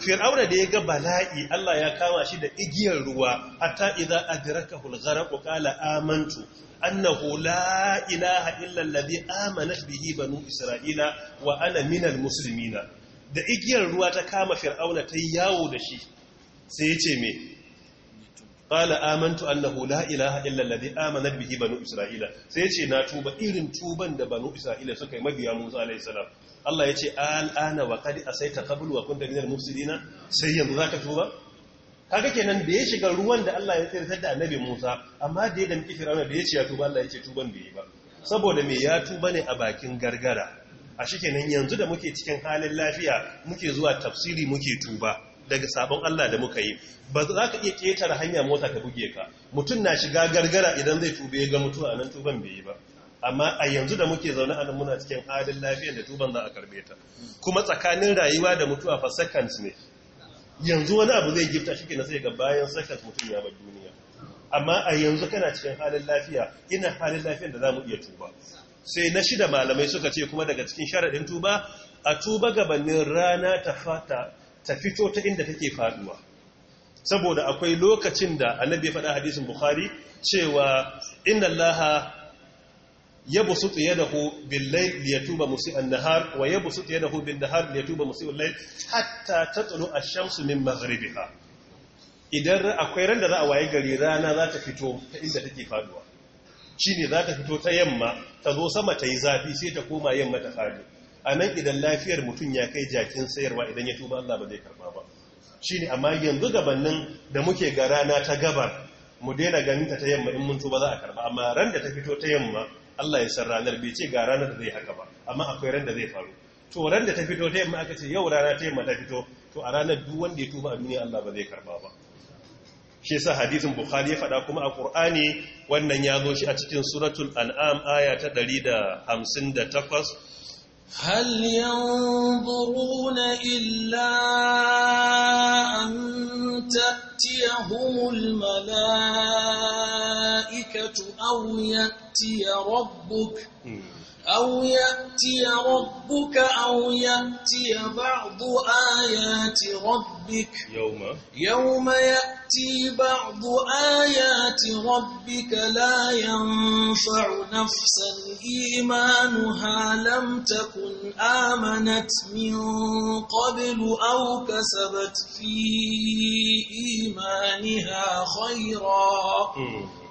fir'auna da ya ga bala'i Allah ya kama shi da igiyar ruwa hatta idza adraka al-gharq qala amantu annahu la ilaha illa alladhi amanat bihi banu isra'ila wa ana minal muslimina da igiyar ruwa ta kama fir'auna ta yawo da shi sai ya ce me qala amantu annahu la ilaha illa alladhi amanat bihi banu isra'ila sai yace na tuba irin tuban da banu isra'ila suka yi mabiya Musa alayhi salam Allah yace al'ana wa qad asaita qabl wa kunta minal mufsidina sai yanzu zaka tuba kaga kenan da ya shiga ruwan da Allah ya tsirtar da annabi Musa amma da ya damki Fir'auna da ce ya tuba Allah yace tuban bai yi ba saboda me ya tuba ne a bakin gargara a shi kenan yanzu da muke cikin halin lafiya muke zuwa tafsiri muke tuba daga sabon Allah da muka yi ba za ka iya ketare hanya mota ka buge ka mutum na shiga gargara idan zai tube ya ga mutuwa a nan tuban bai yi ba amma a yanzu da muke zaune a nan muna cikin halin lafiyar da tuban za a karbe ta kuma tsakanin rayuwa da mutuwa fa seconds ne yanzu wani abu zai gifta shi na sai ga bayan seconds mutum ya bar duniya amma a yanzu kana cikin halin lafiya ina halin lafiyar da za mu iya tuba sai na shida malamai suka ce kuma daga cikin sharaɗin tuba a tuba gabanin rana ta fata ta fito ta inda take faduwa saboda akwai lokacin da annabi ya faɗa hadisin bukhari cewa inna allaha yabsutu yadahu bil-layl liyatuba musii'an nahar wa yabsutu yadahu bin-nahar liyatuba musii'al layl hatta tatlu ash-shamsu min maghribiha idan akwai ran da za a waye gari rana za ta fito ta inda take faduwa shine za ta fito ta yamma ta zo sama ta yi zafi sai ta koma yamma ta fadi a nan idan lafiyar mutum ya kai jakin sayarwa idan ya tuba Allah ba zai karba ba shi ne amma yanzu gabanin da muke ga rana ta gabar mu daina ganinta ta yamma in mun tuba za a karba amma ran da ta fito ta yamma Allah ya san ranar bai ce ga ranar da zai haka ba amma akwai ran da zai faru to ran da ta fito ta yamma aka ce yau rana ta yamma ta fito to a ranar duk wanda ya tuba a duniya Allah ba zai karba ba shi sa hadisin bukhari ya faɗa kuma a qur'ani wannan ya zo shi a cikin suratul an'am aya ta 158 هل ينظرون إلا أن تأتيهم الملائكة أو يأتي ربك ۖ أو يأتي ربك أو يأتي بعض آيات ربك يوم يوم يأتي بعض آيات ربك لا ينفع نفسا إيمانها لم تكن آمنت من قبل أو كسبت في إيمانها خيرا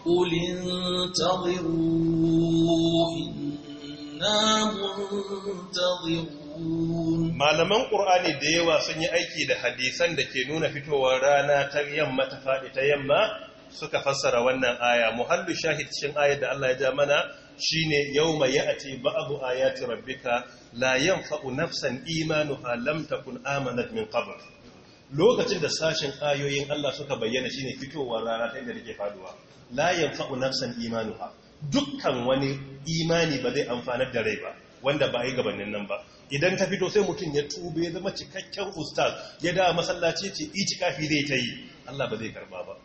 قل انتظروا إن malaman ƙur'ani da yawa sun yi aiki da hadisan da ke nuna fitowar rana ta yamma ta faɗi ta yamma suka fassara wannan aya muhallu shahid cikin ayar da Allah ya ja mana shi ne yau mai shine yawma a ya ci rabbika la yanfa'u nafsan imanu lamta, kun, amanat min qabl lokacin da sashen ayoyin Allah suka bayyana shi ne fitowar rana ta inda take faduwa la yanfa'u nafsan ha. dukkan wani imani ba zai amfanar da rai ba wanda ba a yi gabanin nan ba idan ta fito sai mutum ya tube ya zama cikakken ustaz ya da masallaci ce itikafi zai ta yi Allah ba zai karba ba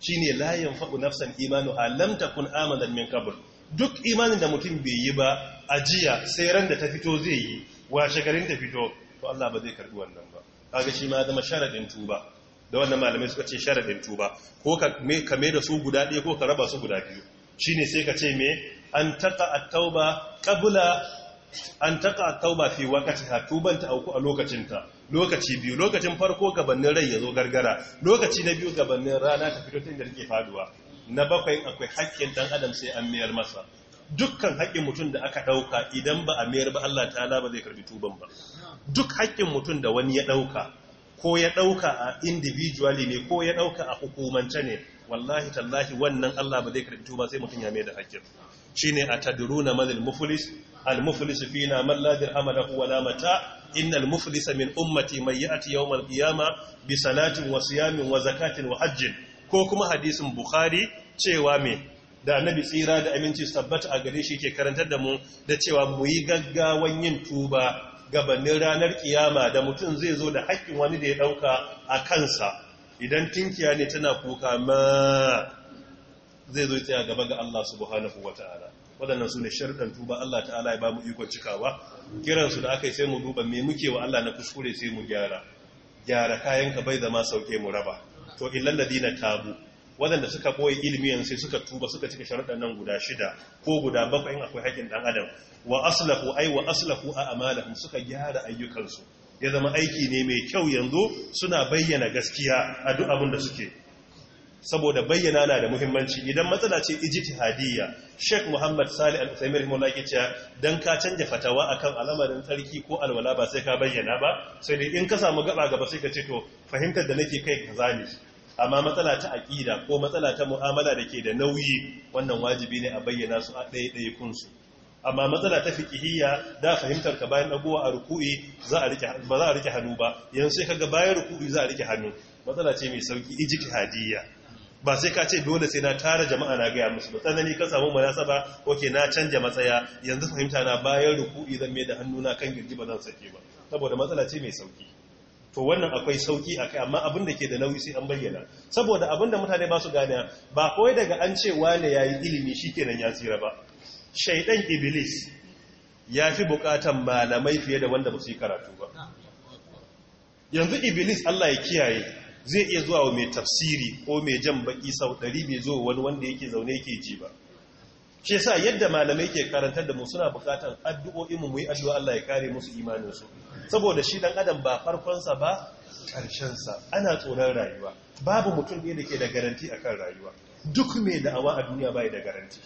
Shi shine layin faɗu nafsan imanu lamta kun amalan min qabl duk imanin da mutum bai yi ba a jiya sai ran da ta fito zai yi wa garin ta fito to Allah ba zai karbi wannan ba kaga shi ma zama sharadin tuba da wannan malamai suka ce sharadin tuba ko ka me da su guda ɗaya ko ka raba su guda biyu shine sai ka ce me an taqa at-tauba qabla an taqa at-tauba fi waqtiha tuban ta auku a lokacinta lokaci biyu lokacin farko gabanin rai ya zo gargara lokaci na biyu gabanin rana ta fito tun da take faduwa na bakwai akwai haƙƙin dan adam sai an mayar masa dukkan haƙƙin mutum da aka ɗauka idan ba a mayar ba Allah ta'ala ba zai karbi tuban ba duk haƙƙin mutum da wani ya ɗauka ko ya ɗauka a individually ne ko ya ɗauka a hukumance ne wallahi tallahi wannan Allah ba zai karbi tuba sai mutum ya mai da hakkin shine atadruna mal muflis al muflis fina man la dirham lahu wala mata innal muflis min ummati mai ya'ti yawm al qiyama bi salatin wa siyamin wa zakatin wa hajjin ko kuma hadisin bukhari cewa me da annabi tsira da aminci sabbata a gare shi ke karantar da mu da cewa mu yi gaggawan yin tuba gabanin ranar kiyama da mutum zai zo da haƙƙin wani da ya ɗauka a kansa idan tinkiya ne tana kuka ma zai zo tsaya gaba ga Allah subhanahu wata'ala waɗannan su ne sharɗan tuba Allah ta'ala ya ba mu ikon cikawa kiransu da aka yi sai mu duba me muke wa Allah na kuskure sai mu gyara gyara kayan ka bai zama sauke mu raba to illal ladina tabu waɗanda suka boye ilimi yanzu sai suka tuba suka cika sharuɗan nan guda shida ko guda bakwai akwai haƙin ɗan adam wa aslahu ai wa aslahu a amalahum suka gyara ayyukansu ya zama aiki ne mai kyau yanzu suna bayyana gaskiya a duk abin da suke saboda bayyana na da muhimmanci idan matsala ce ijtihadiyya Sheikh Muhammad Salih Al-Uthaymeen rahimahullah ce, don dan ka canja fatawa akan al'amarin tsarki ko alwala ba sai ka bayyana ba sai dai in ka samu gaba gaba sai ka ce to fahimtar da nake kai kaza ne amma matsala ta aqida ko matsala ta mu'amala da ke da nauyi wannan wajibi ne a bayyana su a ɗaya ɗaya amma matsala ta fiqhiyya da fahimtar ka bayan dagowa a ruku'i za rike ba za a rike hannu ba yanzu sai kaga bayan ruku'i za a rike hannu matsala ce mai sauki hadiyya. ba sai ka ce dole sai na tara jama'a na gaya musu ba tsanani ka samu munasaba oke na canja matsaya yanzu fahimta na bayan ruku'i zan mai da hannuna kan girji ba zan sake ba saboda matsala ce mai sauki to wannan akwai sauki akai amma abin da ke da nauyi sai an bayyana saboda abin da mutane ba su gane ba kawai daga an cewa wane yayi ilimi shikenan ya tsira ba shaidan iblis ya fi bukatan malamai fiye da wanda ba su yi karatu ba yanzu iblis allah ya kiyaye zai iya zuwa wa mai tafsiri ko mai jan baki sau ɗari bai zo wani wanda yake zaune yake ji ba Ke sa yadda malamai ke karantar da mu suna bukatan addu'o'in mu yi addu'a Allah ya kare musu imaninsu saboda shi dan adam ba farkonsa ba ƙarshensa ana tsoron rayuwa babu mutum ne da ke da garanti akan rayuwa duk mai da'awa a duniya bai da garanti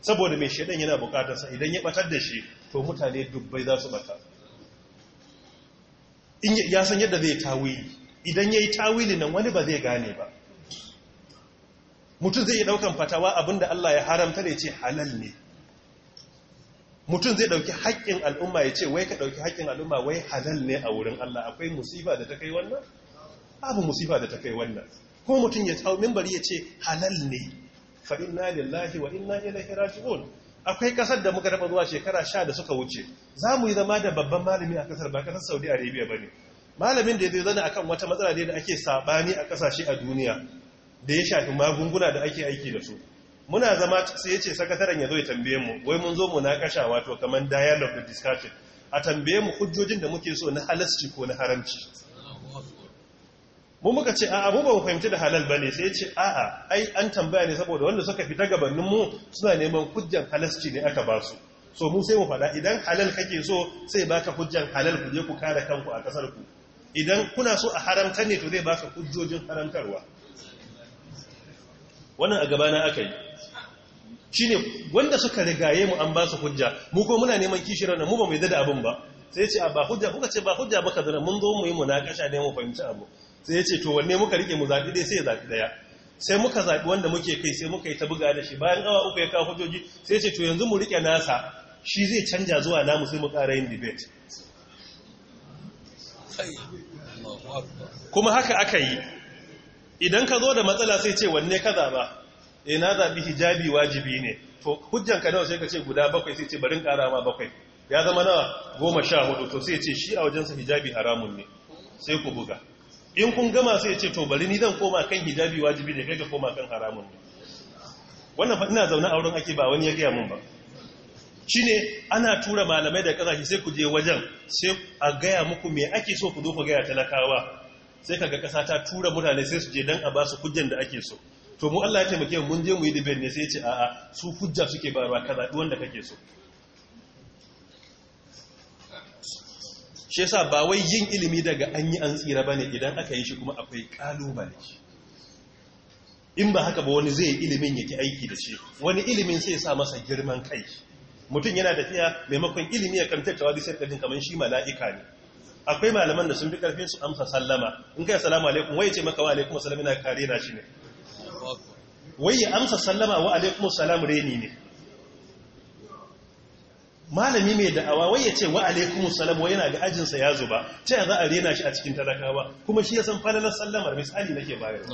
saboda mai shaidan yana sa, idan ya batar da shi to mutane dubbai za su bata ya san yadda zai tawili idan ya yi tawili nan wani ba zai gane ba mutum zai yi daukan fatawa abinda Allah ya haramta da ya ce halal ne mutum zai dauki haƙƙin al'umma ya ce wai ka dauki haƙƙin al'umma wai halal ne a wurin Allah akwai musiba da ta kai wannan abu musiba da ta kai wannan ko mutum ya tsawo mimbari ya ce halal ne fa inna lillahi wa inna ilaihi raji'un akwai kasar da muka taɓa zuwa shekara sha da suka wuce za mu yi zama da babban malami a kasar ba kasar saudi arabia ba ne malamin da ya zai zana akan wata matsala ne da ake sabani a kasashe a duniya da ya shafi magunguna da ake aiki da su muna zama sai ya ce sakataren ya zo ya tambaye mu wai mun zo mu na kasha wato kamar dialogue da discussion a tambaye mu hujjojin da muke so na halasci ko na haramci mu muka ce a'a mu ba mu fahimci da halal bane sai ya ce a'a ai an tambaya ne saboda wanda suka fita gabanin mu suna neman hujjan halasci ne aka ba su so mu sai mu faɗa idan halal kake so sai baka hujjan halal ku je ku kare kanku a kasar ku idan kuna so a haramta ne to zai baka hujjojin haramtarwa wannan a gabana aka yi shine wanda suka rigaye mu an ba su hujja mu ko muna neman kishirar nan mu ba mu yadda da abin ba sai ce a ba hujja kuka ce ba hujja ba zana mun zo mu yi munakasha ne mu fahimci abu sai ya ce to wanne muka rike mu zaɓi dai sai ya zaɓi ɗaya sai muka zaɓi wanda muke kai sai muka yi ta buga da shi bayan awa uku ya kawo hujjoji sai ya ce to yanzu mu rike nasa shi zai canja zuwa namu sai mu ƙara yin debate kuma haka aka yi idan ka zo da matsala sai ce wanne ka zaɓa e na zaɓi hijabi wajibi ne to ka nawa sai ka ce guda bakwai sai ce barin ƙara ma bakwai ya zama nawa goma sha hudu to sai ce shi a wajensa hijabi haramun ne sai ku buga in kun gama sai ya ce to bari ni zan koma kan hijabi wajibi ne kai ka koma kan haramun wannan fa ina zaune auren ake ba wani ya gaya mun ba shine ana tura malamai da kasashe sai ku je wajen sai a gaya muku me ake so ku zo ku gaya talakawa sai kaga kasa ta tura mutane sai su je dan a ba su hujjan da ake so to mu Allah ya taimake mu mun je mu yi dibin ne sai ya ce a'a su hujja suke ba kaza kaza wanda kake so shi yasa ba wai yin ilimi daga an yi an tsira ba ne idan aka yi shi kuma akwai kalubale in ba haka ba wani zai ilimin yake aiki da shi wani ilimin sai sa masa girman kai mutum yana tafiya maimakon ilimi ya kan tattawa bisa kadin kamar shi mala'ika ne akwai malaman da sun fi karfin su amsa sallama in kai assalamu alaikum wai ce maka wa alaikum assalam ina kare na shi ne wai ya amsa sallama wa alaikum assalam reni ne malami mai da'awa wai ya ce wa alaikum salam wai yana ga ajinsa ya zuba ta yanzu a rena shi a cikin talakawa kuma shi ya san falalar sallamar misali na ke bayar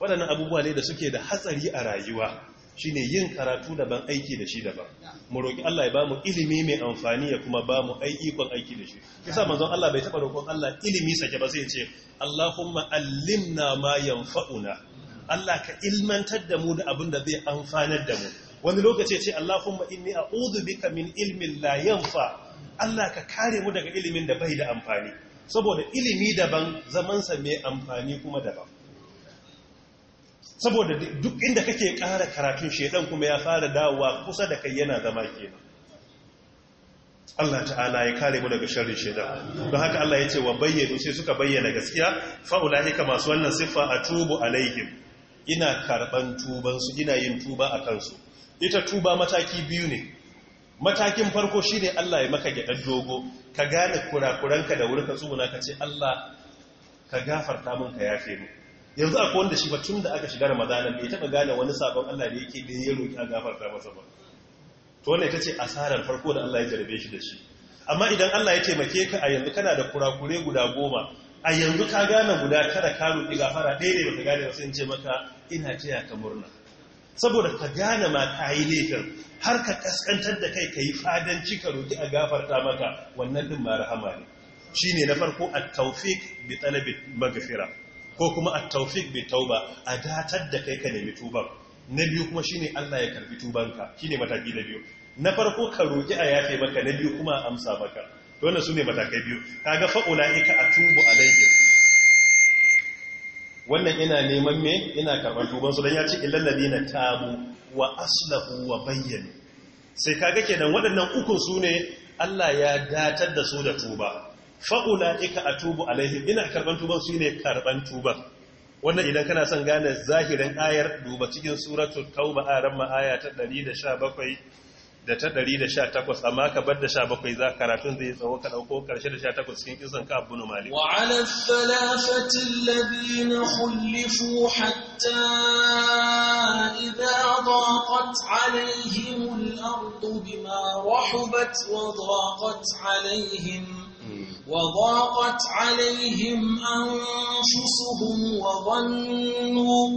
waɗannan abubuwa ne da suke da hatsari a rayuwa shine yin karatu daban aiki da shi daban mu roƙi Allah ya bamu ilimi mai amfani ya kuma bamu aikon aiki da shi kisa manzon Allah bai taba roƙon Allah ilimi sake ba sai ya ce Allahumma allimna ma yanfa'una Allah ka ilmantar da mu da abin da zai amfanar da mu wani lokaci ce Allahumma inni ƙudu bika min ilmin la fa, Allah ka kare mu daga ilimin da bai da amfani saboda ilimi daban zamansa mai amfani kuma daban saboda duk inda kake kara karatun shaidan kuma ya fara dawowa kusa da kai yana zama ke Allah ta'ala ya kare mu daga sharri shaidan, don haka Allah ya ce wa bayyana sai suka bayyana gaskiya fa ulaika masu wannan siffa atubu alaihim ina karban tubansu ina yin tuba a kansu ita tuba mataki biyu ne matakin farko shi ne Allah ya maka gyadar dogo ka gane kurakuranka da wurin ka tsuna ka ce Allah ka gafarta mun ka yafe mu yanzu akwai wanda shi ba tun da aka shiga ramadana bai taɓa gane wani sabon Allah da yake da ya roƙi a gafarta masa ba to wannan ita ce asarar farko da Allah ya jarabe shi da shi amma idan Allah ya taimake ka a yanzu kana da kurakure guda goma a yanzu ka gane guda kada ka roƙi gafara ɗaya ne ta gane ba sai ce maka ina taya ka murna saboda ka gane ma ka yi laifin har ka kaskantar da kai ka yi fadanci ka roƙi a gafarta maka wannan ɗin ma rahama ne shi ne na farko a taufik bi talabi magafira ko kuma a taufik bi tauba a datar da kai ka nemi tuban na biyu kuma shi ne allah ya karbi tubanka shi ne mataki na biyu na farko ka roƙi a yafe maka na biyu kuma a amsa maka to wannan su ne matakai biyu Ka kaga fa'ula ika a tubu alaihim wannan ina neman me ina karban tuban su dan ya ce illal na tabu wa aslahu wa bayyane. sai kaga kenan waɗannan uku su ne Allah ya datar da su da tuba ika a tubu alaihim ina karban tuban su ne karban tuba. wannan idan kana son gane zahirin ayar duba cikin suratul tauba a ran ma'aya ta 117 da ta 118 amma ka bar da 17 za karatun zai tsawo ka dauko karshe da 18 cikin kisan ka abu malik wa ala thalathati alladhina khulifu hatta idha daqat alaihim al-ard bima rahabat wa daqat alaihim وضاقت عليهم أنفسهم وظنوا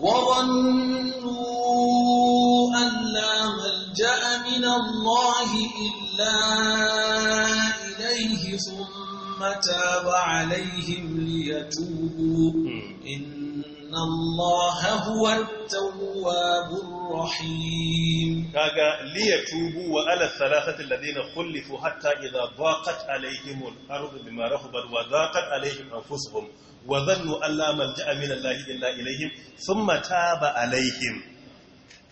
وظنوا أن لا ملجأ جاء من الله إلا إليه ثم تاب عليهم ليتوبوا hmm. إن الله هو التواب الرحيم كاغا ليتوبوا وعلى الثلاثة الذين خلفوا حتى إذا ضاقت عليهم الأرض بما رحبت وضاقت عليهم أنفسهم وظنوا أن لا ملجأ من الله إلا إليهم ثم تاب عليهم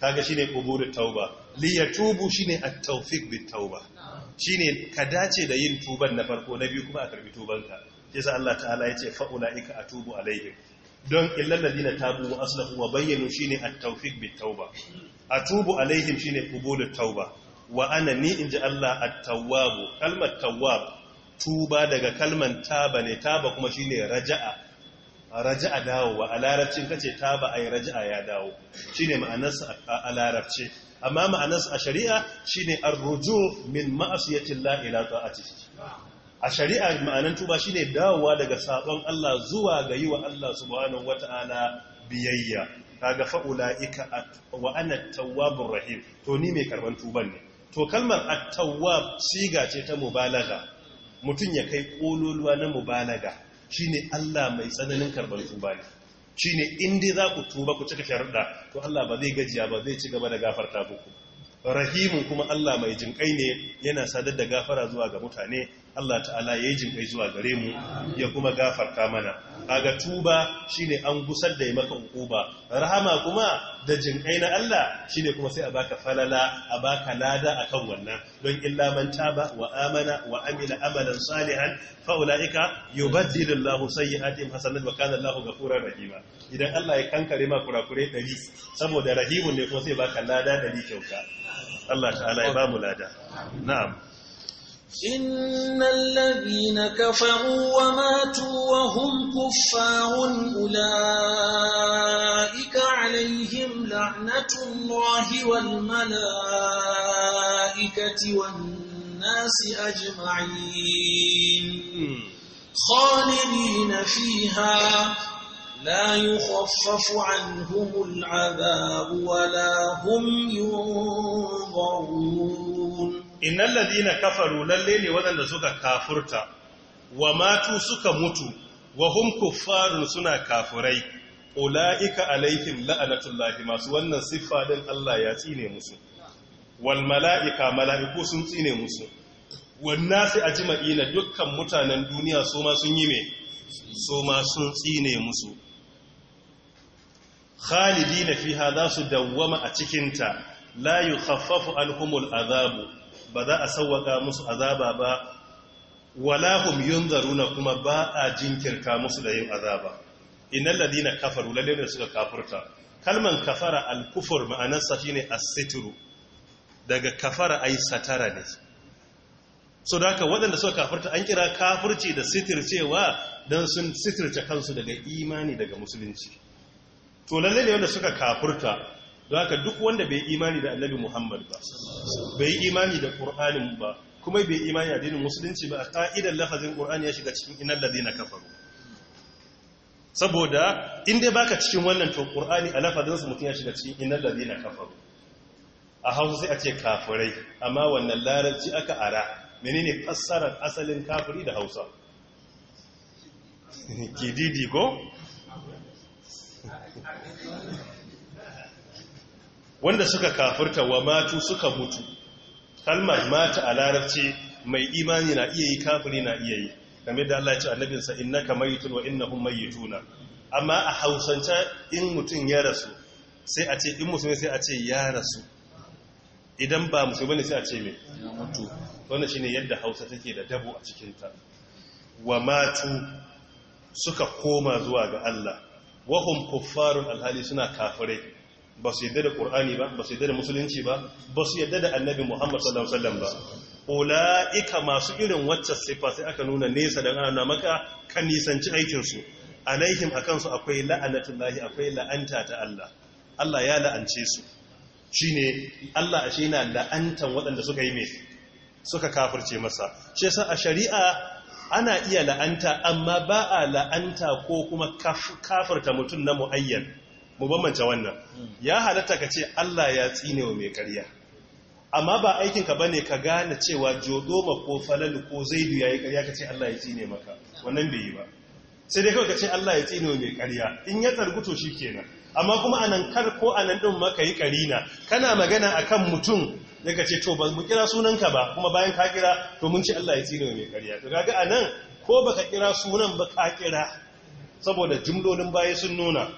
kaga shine qubulut tauba li tubu shine at-tawfiq bit tauba shine ka dace da yin tuban na farko na biyu kuma a karbi tubanka yasa Allah ta'ala yace fa ulaika atubu alaihim don illal ladina tabu wa aslahu wa bayyanu shine at-tawfiq bit tauba atubu alaihim shine qubulut tauba wa ana ni ji Allah at-tawwab kalmar tawwab tuba daga kalman taba ne taba kuma shine raja'a raja'a dawowa a larabcin kace ta ba yi raja'a ya dawo ne ma'anarsa a larabci amma ma'anarsa a shari'a shi ne an ruju min ma'asiyati Allah ila ta'atihi a shari'a ma'anar tuba ne dawowa daga sabon Allah zuwa ga yi wa Allah subhanahu wata'ala biyayya kaga fa'ula ika wa ana at rahim to ni mai karban tuban ne to kalmar at tawab siga ce ta mubalaga mutum ya kai kololuwa na mubalaga shine Allah mai tsananin karɓar tuba ne shine in dai za ku tuba ku cika sharuɗa to Allah ba zai gajiya ba zai ci gaba da gafar gafarta muku rahimun kuma Allah mai jinƙai ne yana sadar da gafara zuwa ga mutane Allah ta'ala ya yi jinkai zuwa gare mu ya kuma gafarta mana A ga tuba shine an gusar da ya maka ba rahama kuma da jinkai na Allah shi ne kuma sai a baka falala a baka lada a kan wannan don illa man taba wa amana wa amina amalan salihan lahu sai yi Allahu sayyi'atihim hasanat wa lahu ga kura rahima. idan Allah ya kankare ma kurakure ɗari saboda rahimun ne kuma sai baka lada ɗari kyauta Allah ta'ala ya ba lada na'am إن الذين كفروا وماتوا وهم كفار أولئك عليهم لعنة الله والملائكة والناس أجمعين خالدين فيها لا يخفف عنهم العذاب ولا هم ينظرون inna ladina kafaru lalle ne waɗanda suka kafurta wa matu suka mutu wa hum kuffarun suna kafurai ulaika alaihim la'anatullahi masu wannan siffa din Allah ya tsine musu wal mala'ika mala'iku sun tsine musu sai nasi ajma'ina dukkan mutanen duniya su ma sun yi me su ma sun tsine musu khalidina fiha za su dawwama a cikinta la yukhaffafu anhumul azabu ba za a sauwaka musu azaba ba Walahum yunzaruna kuma ba a jinkirka musu da yin azaba innal ladina kafaru lalle ne suka kafurta kalman kafara al-kufur ma'anarsa shine as-sitru daga kafara ai satara ne so da haka waɗanda suka kafurta an kira kafirci da sitircewa dan sun sitirce kansu daga imani daga musulunci to lalle ne wanda suka kafurta don haka duk wanda bai imani da annabi muhammad ba bai imani da ƙur'anin ba kuma bai imani a addinin musulunci ba a ƙa'idar lafazin ƙur'ani ya shiga cikin inan zina kafaru saboda in dai baka cikin wannan to ƙur'ani a lafazinsu mutum ya shiga cikin inan zina kafaru a hausa sai a ce kafirai amma wannan larabci aka ara menene fassarar asalin kafiri da hausa kididi ko wanda suka kafirta wa matu suka mutu kalmar mata a larabci mai imani na iya yi kafiri na iya yi game da Allah ya ce annabinsa innaka mayitun wa innahum mayituna amma a hausance in mutum ya rasu sai a ce in musulmi sai a ce ya rasu idan ba musulmi ne sai a ce mai mutu wannan shine yadda hausa take da dabo a cikinta wa matu suka koma zuwa ga Allah wahum kuffarun alhali suna kafirai ba su yadda da ƙur'ani ba ba su yadda da musulunci ba ba su yadda da annabi muhammad sallallahu alaihi wasallam ba ula'ika masu irin wacce siffa sai aka nuna nesa don ana maka kan nisanci aikinsu alaihim a kansu akwai la'anatun lahi akwai la'anta ta Allah Allah ya la'ance su shi ne Allah a shi na la'antan waɗanda suka yi mai suka kafirce masa shi sa a shari'a ana iya la'anta amma ba a la'anta ko kuma kafirta mutum na mu'ayyan mu bambance wannan ya halatta ka ce Allah ya tsine wa mai karya amma ba aikinka ba ne ka gane cewa jodoma ko falalu ko zaidu yi karya ka ce Allah ya tsine maka wannan bai yi ba sai dai kawai ka ce Allah ya tsine wa mai karya in ya shi kenan amma kuma a nan kar ko a anan din maka yi karina kana magana akan mutum ka ce to ba mu kira sunanka ba kuma bayan ka kira to mun ce Allah ya tsine wa mai karya to kaga a nan ko baka kira sunan ba ka kira saboda jumlolin baya sun nuna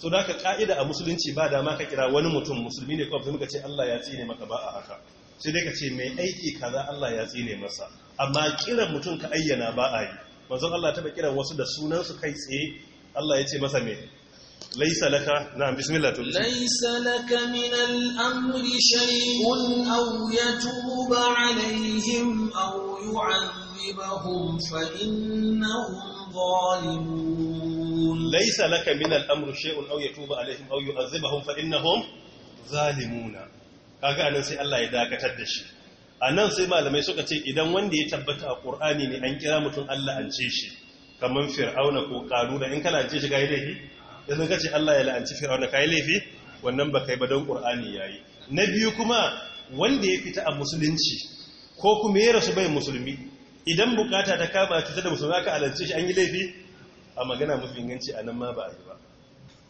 so da ka ka'ida a musulunci ba dama ka kira wani mutum musulmi ne kawai muka ce Allah ya tsine maka ba a haka sai dai ka ce mai aiki kaza Allah ya tsine masa amma kiran mutum ka ayyana ba a yi manzon Allah ta kiran wasu da sunan su kai tsaye Allah ya ce masa me laisa laka na'am bismillah to laisa laka min al-amri shay'un aw yatuba alaihim aw yu'adhibahum fa innahum zalimun يعملون ليس لك من الأمر شيء أو يتوب عليهم أو يعذبهم فإنهم ظالمون kaga anan sai Allah ya dakatar da shi anan sai malamai suka ce idan wanda ya tabbata a Qur'ani ne an kira mutum Allah an ce shi kaman Fir'auna ko Qaruna in kana ce shi ga laifi idan ka Allah ya la'anci Fir'auna kai laifi wannan ba kai ba don Qur'ani yayi na biyu kuma wanda ya fita a musulunci ko kuma ya rasu bai musulmi idan bukata ta kaba ta da musulmi aka alance shi an yi laifi a magana mafi inganci a nan ma ba a yi ba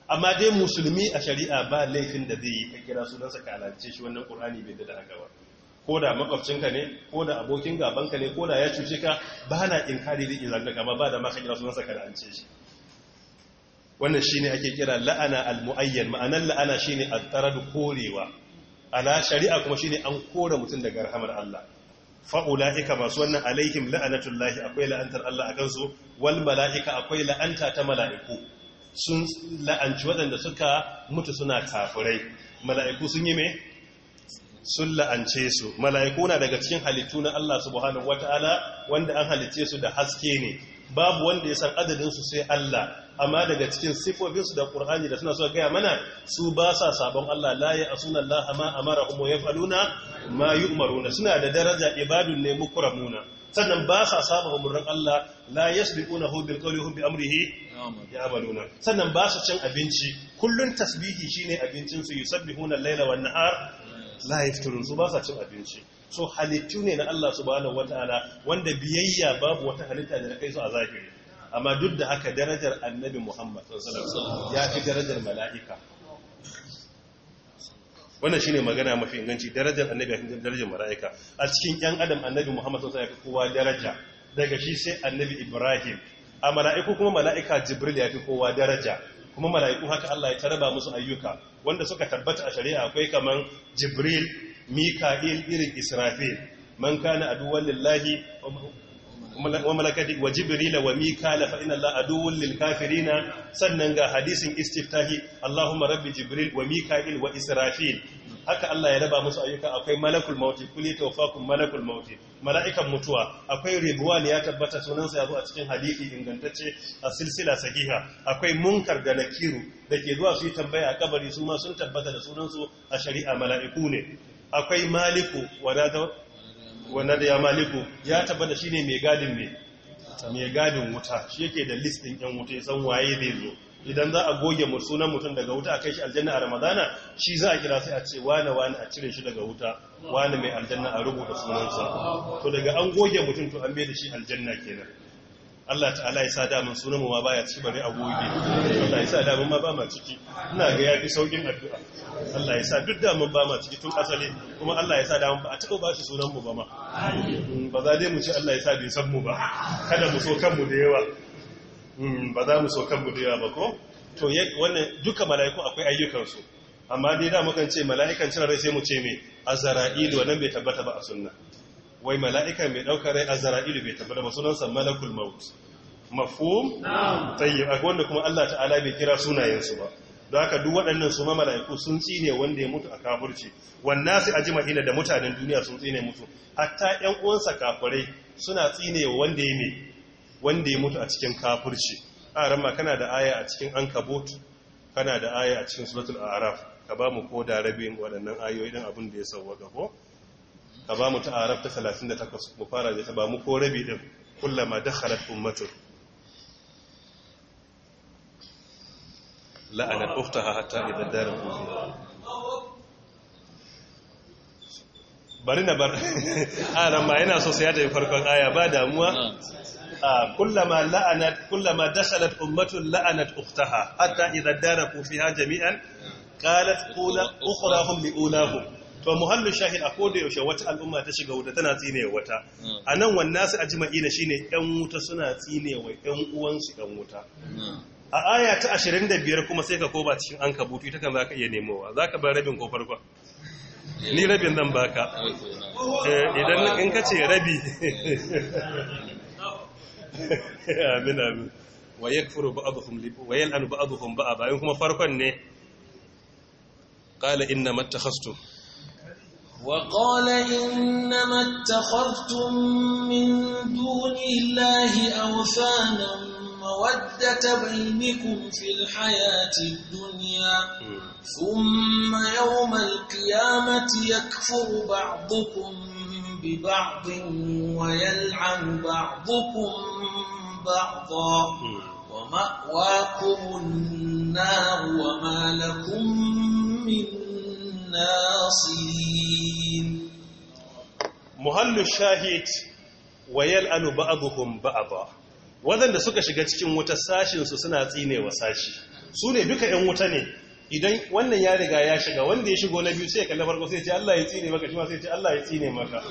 amma dai musulmi a shari'a ba laifin da zai yi ka kira sunansa ka halarce shi wannan ƙur'ani bai da haka ba ko da makwabcinka ne ko da abokin gabanka ne ko da ya cuce ka ba na inkari da izan kama ba da ma ka kira sunansa ka halarce shi wannan shine ake kira la'ana al-mu'ayyan ma'anar la'ana shine a tarad korewa ala shari'a kuma shine an kore mutum daga rahamar Allah fa'ula'ika masu wannan alaihim la'anatullahi akwai la'antar Allah a kansu wal mala'ika akwai la'anta ta mala'iku sun la'anci waɗanda suka mutu suna kafirai mala'iku sun yi mai sun la'ance su mala'iku na daga cikin halittu na Allah subhanahu wata'ala wanda an halitce su da haske ne babu wanda ya san adadinsu sai Allah amma daga cikin sifofinsu da ƙur'ani da suna so gaya mana su ba sa sabon Allah la ya asuna Allah ma amara kuma ya faluna ma yi umaruna suna da daraja ibadun ne mukramuna sannan ba sa saba umarnin Allah la yasbiquna bil qawli hum bi amrihi ya'maluna sannan ba su cin abinci kullun tasbihi shine abincin su yusabbihuna Huna, laila wan nahar la yafturun su ba sa cin abinci so halittu ne na Allah subhanahu wataala wanda biyayya babu wata halitta da na kai su a zahiri amma duk da haka darajar annabi muhammad ya fi darajar mala'ika wannan ne magana mafi inganci darajar annabi ya darajar mala'ika a cikin yan adam annabi muhammad ya fi kowa daraja daga shi sai annabi ibrahim a mala'iku kuma mala'ika jibril ya fi kowa daraja kuma mala'iku haka Allah ya taraba musu ayyuka wanda suka tabbata a shari'a akwai kamar jibril mika'il irin israfil man kana aduwwan lillahi wa malakati wa jibrila wa mikala fa inna allaha aduwwul lil kafirina sannan ga hadisin istiftahi allahumma rabbi jibril wa mikail wa israfil haka Allah ya raba musu ayyuka akwai malakul mauti kuli tawfakum malakul mauti mala'ikan mutuwa akwai ridwan ya tabbata sunansa ya zo a cikin hadisi ingantacce a silsila sahiha akwai munkar da nakiru da ke zuwa su tambaya a kabari su ma sun tabbata da sunansu a shari'a mala'iku ne akwai maliku wadata wannan da ya maliku ya tabbata shine mai gadin ne mai gadin wuta shi yake da list din yan wuta ya san waye zai zo idan za a goge sunan mutum daga wuta a kai shi aljanna a ramadana shi za a kira sai a ce wane wane a cire shi daga wuta wane mai aljanna a rubuta sunansa to daga an goge mutum to an bai da shi aljanna kenan Allah ta'ala ya sa daman sunan ma baya ci bare goge. Allah ya sa daman ma ba ma ciki ina ga yafi saukin addu'a Allah ya sa duk damun ba ma ciki tun asali kuma Allah ya sa daman ba a taɓa ba shi sunan mu ba ma hmm, ba za dai mu ci Allah ya sa bai san mu ba kada mu so kanmu da yawa hmm, ba za mu so kanmu da yawa ba ko to wannan duka mala'iku akwai ayyukansu amma dai da mukan ce mala'ikan cin rai sai mu ce me azara'ilu wannan bai tabbata ba a sunna wai mala'ika mai ɗaukar rai azra'ilu bai tabbata ba sunansa malakul maut mafhum tayyib a wanda kuma Allah ta'ala bai kira sunayensu ba don haka duk waɗannan su mala'iku sun tsine wanda ya mutu a kafurce. wannan su ajma'ina da mutanen duniya sun tsine mutu hatta 'yan uwansa kafurai suna tsine wanda ya ne wanda ya mutu a cikin kafirci a ramma kana da aya a cikin ankabut kana da aya a cikin suratul a'raf ka ba mu ko da rabin waɗannan ayoyi din abin da ya sauwaka ko ka ba mu ta arab ta 38 mu fara da ta ba mu ko rabi din kullama dakhalat ummatu la'anat ukhtaha hatta idza daru bari na bar aran ma yana so sai ya tafi farkon aya ba damuwa kullama la'anat kullama dakhalat ummatu la'anat ukhtaha hatta idza daru fiha jami'an qalat qula ukhrahum li ulahum to muhallu shahid a da yaushe wata al'umma ta shiga wuta tana tsine wata hmm. a nan wannan su shi shine yan wuta suna tsine wa yan uwansu yan wuta hmm. a aya ta 25 kuma sai ka koba cikin an kabutu ita kan zaka iya nemowa zaka bar rabin ko farkon eh. ni rabin zan baka eh, eh, idan in ka ce rabi amin amin wa yakfuru ba'dhum wa yal'anu ba'dhum ba'a bayan kuma farkon ne qala inna mattakhastum وقال إنما اتخذتم من دون الله أوثانا مودة بينكم في الحياة الدنيا ثم يوم القيامة يكفر بعضكم ببعض ويلعن بعضكم بعضا ومأواكم النار وما لكم من ناصرين محل الشاهد ويلعن بعضهم بعضا wadanda suka shiga cikin wuta sashin su suna tsine wa sashi su ne duka yan wuta ne idan wannan ya riga ya shiga wanda ya shigo na biyu sai kalla farko sai ce Allah ya tsine maka shi ma sai ce Allah ya tsine maka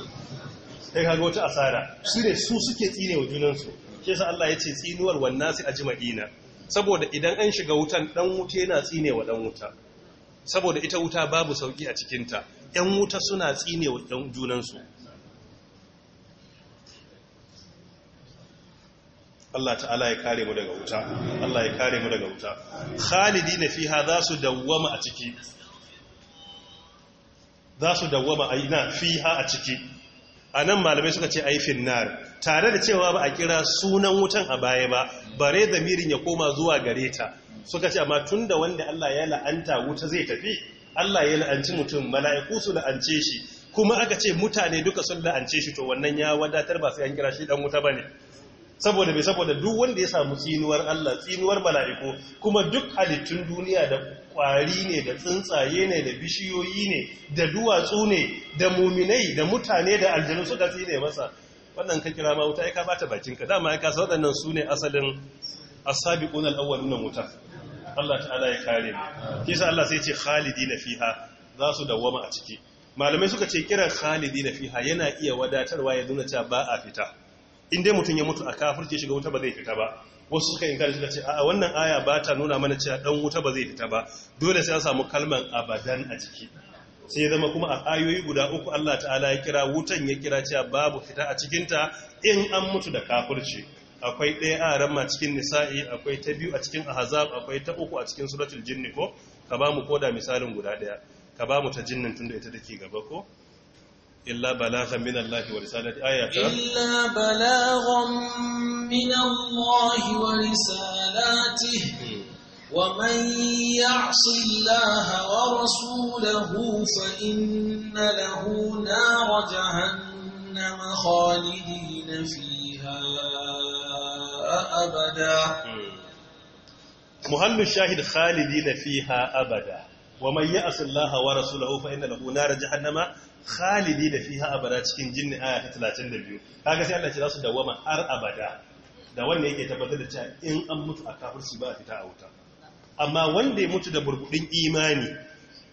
sai kaga wata asara su ne su suke tsine wa su shi yasa Allah ya ce tsinuwar wannan sai madina saboda idan an shiga wutan dan wuta yana tsine wa dan wuta saboda ita wuta babu sauki a cikinta ‘yan wuta suna tsine wa ‘yan junansu Allah ta'ala ya kare mu daga wuta Allah ya kare mu daga wuta khalidi na fiha za su dawwama a ciki za su dawwama a ina fiha a ciki a nan malamai suka ce aifin nari tare da cewa ba a kira sunan wutan a baya ba bare zamirin ya koma zuwa gare ta suka ce amma tun da wanda Allah ya la'anta wuta zai tafi Allah ya la'anci mutum mala'iku su la'ance shi kuma aka ce mutane duka sun la'ance shi to wannan ya wadatar ba sai an kira shi dan wuta bane saboda bai saboda duk wanda ya samu tsinuwar Allah tsinuwar mala'iku kuma duk halittun duniya da kwari ne da tsuntsaye ne da bishiyoyi ne da duwatsu ne da muminai da mutane da aljanu suka tsine masa wannan ka kira ma wuta ya ka bata bakinka dama ya ka sa waɗannan su ne asalin Asabi ƙunar al nuna wuta Allah ta'ala ya kare mu kisa Allah sai ce khalidina fiha za su dawwama a ciki malamai suka ce kiran khalidina fiha yana iya wadatarwa ya nuna cewa ba a fita in dai mutum ya mutu a kafirce shiga wuta ba zai fita ba wasu suka inkari suka ce a wannan aya ba ta nuna mana cewa dan wuta ba zai fita ba dole sai an samu kalman abadan a ciki sai zama kuma a ayoyi guda uku Allah ta'ala ya kira wutan ya kira cewa babu fita a cikinta in an mutu da kafirci akwai ɗaya a ramma cikin nisa'i akwai ta biyu a cikin ahazab akwai ta uku a cikin suratul jinni ko ka ba mu koda misalin guda ɗaya ka ba mu ta jinnin tunda ita take gaba ko illa balaghan min Allah wa risalati ayata illa balaghan min Allah wa risalatihi hmm. ومن يعص الله ورسوله فإن له نار جهنم خالدين فيها أبدا مهم الشاهد خالدين فيها أبدا ومن يعص الله ورسوله فإن له نار جهنم خالدي خالدين فيها أبدا cikin jinni aya 32 kaga sai Allah ya ce su dawama har abada da wanne yake tabbatar da cewa in an mutu a kafirci ba a fita a wuta amma wanda ya mutu da burbudin imani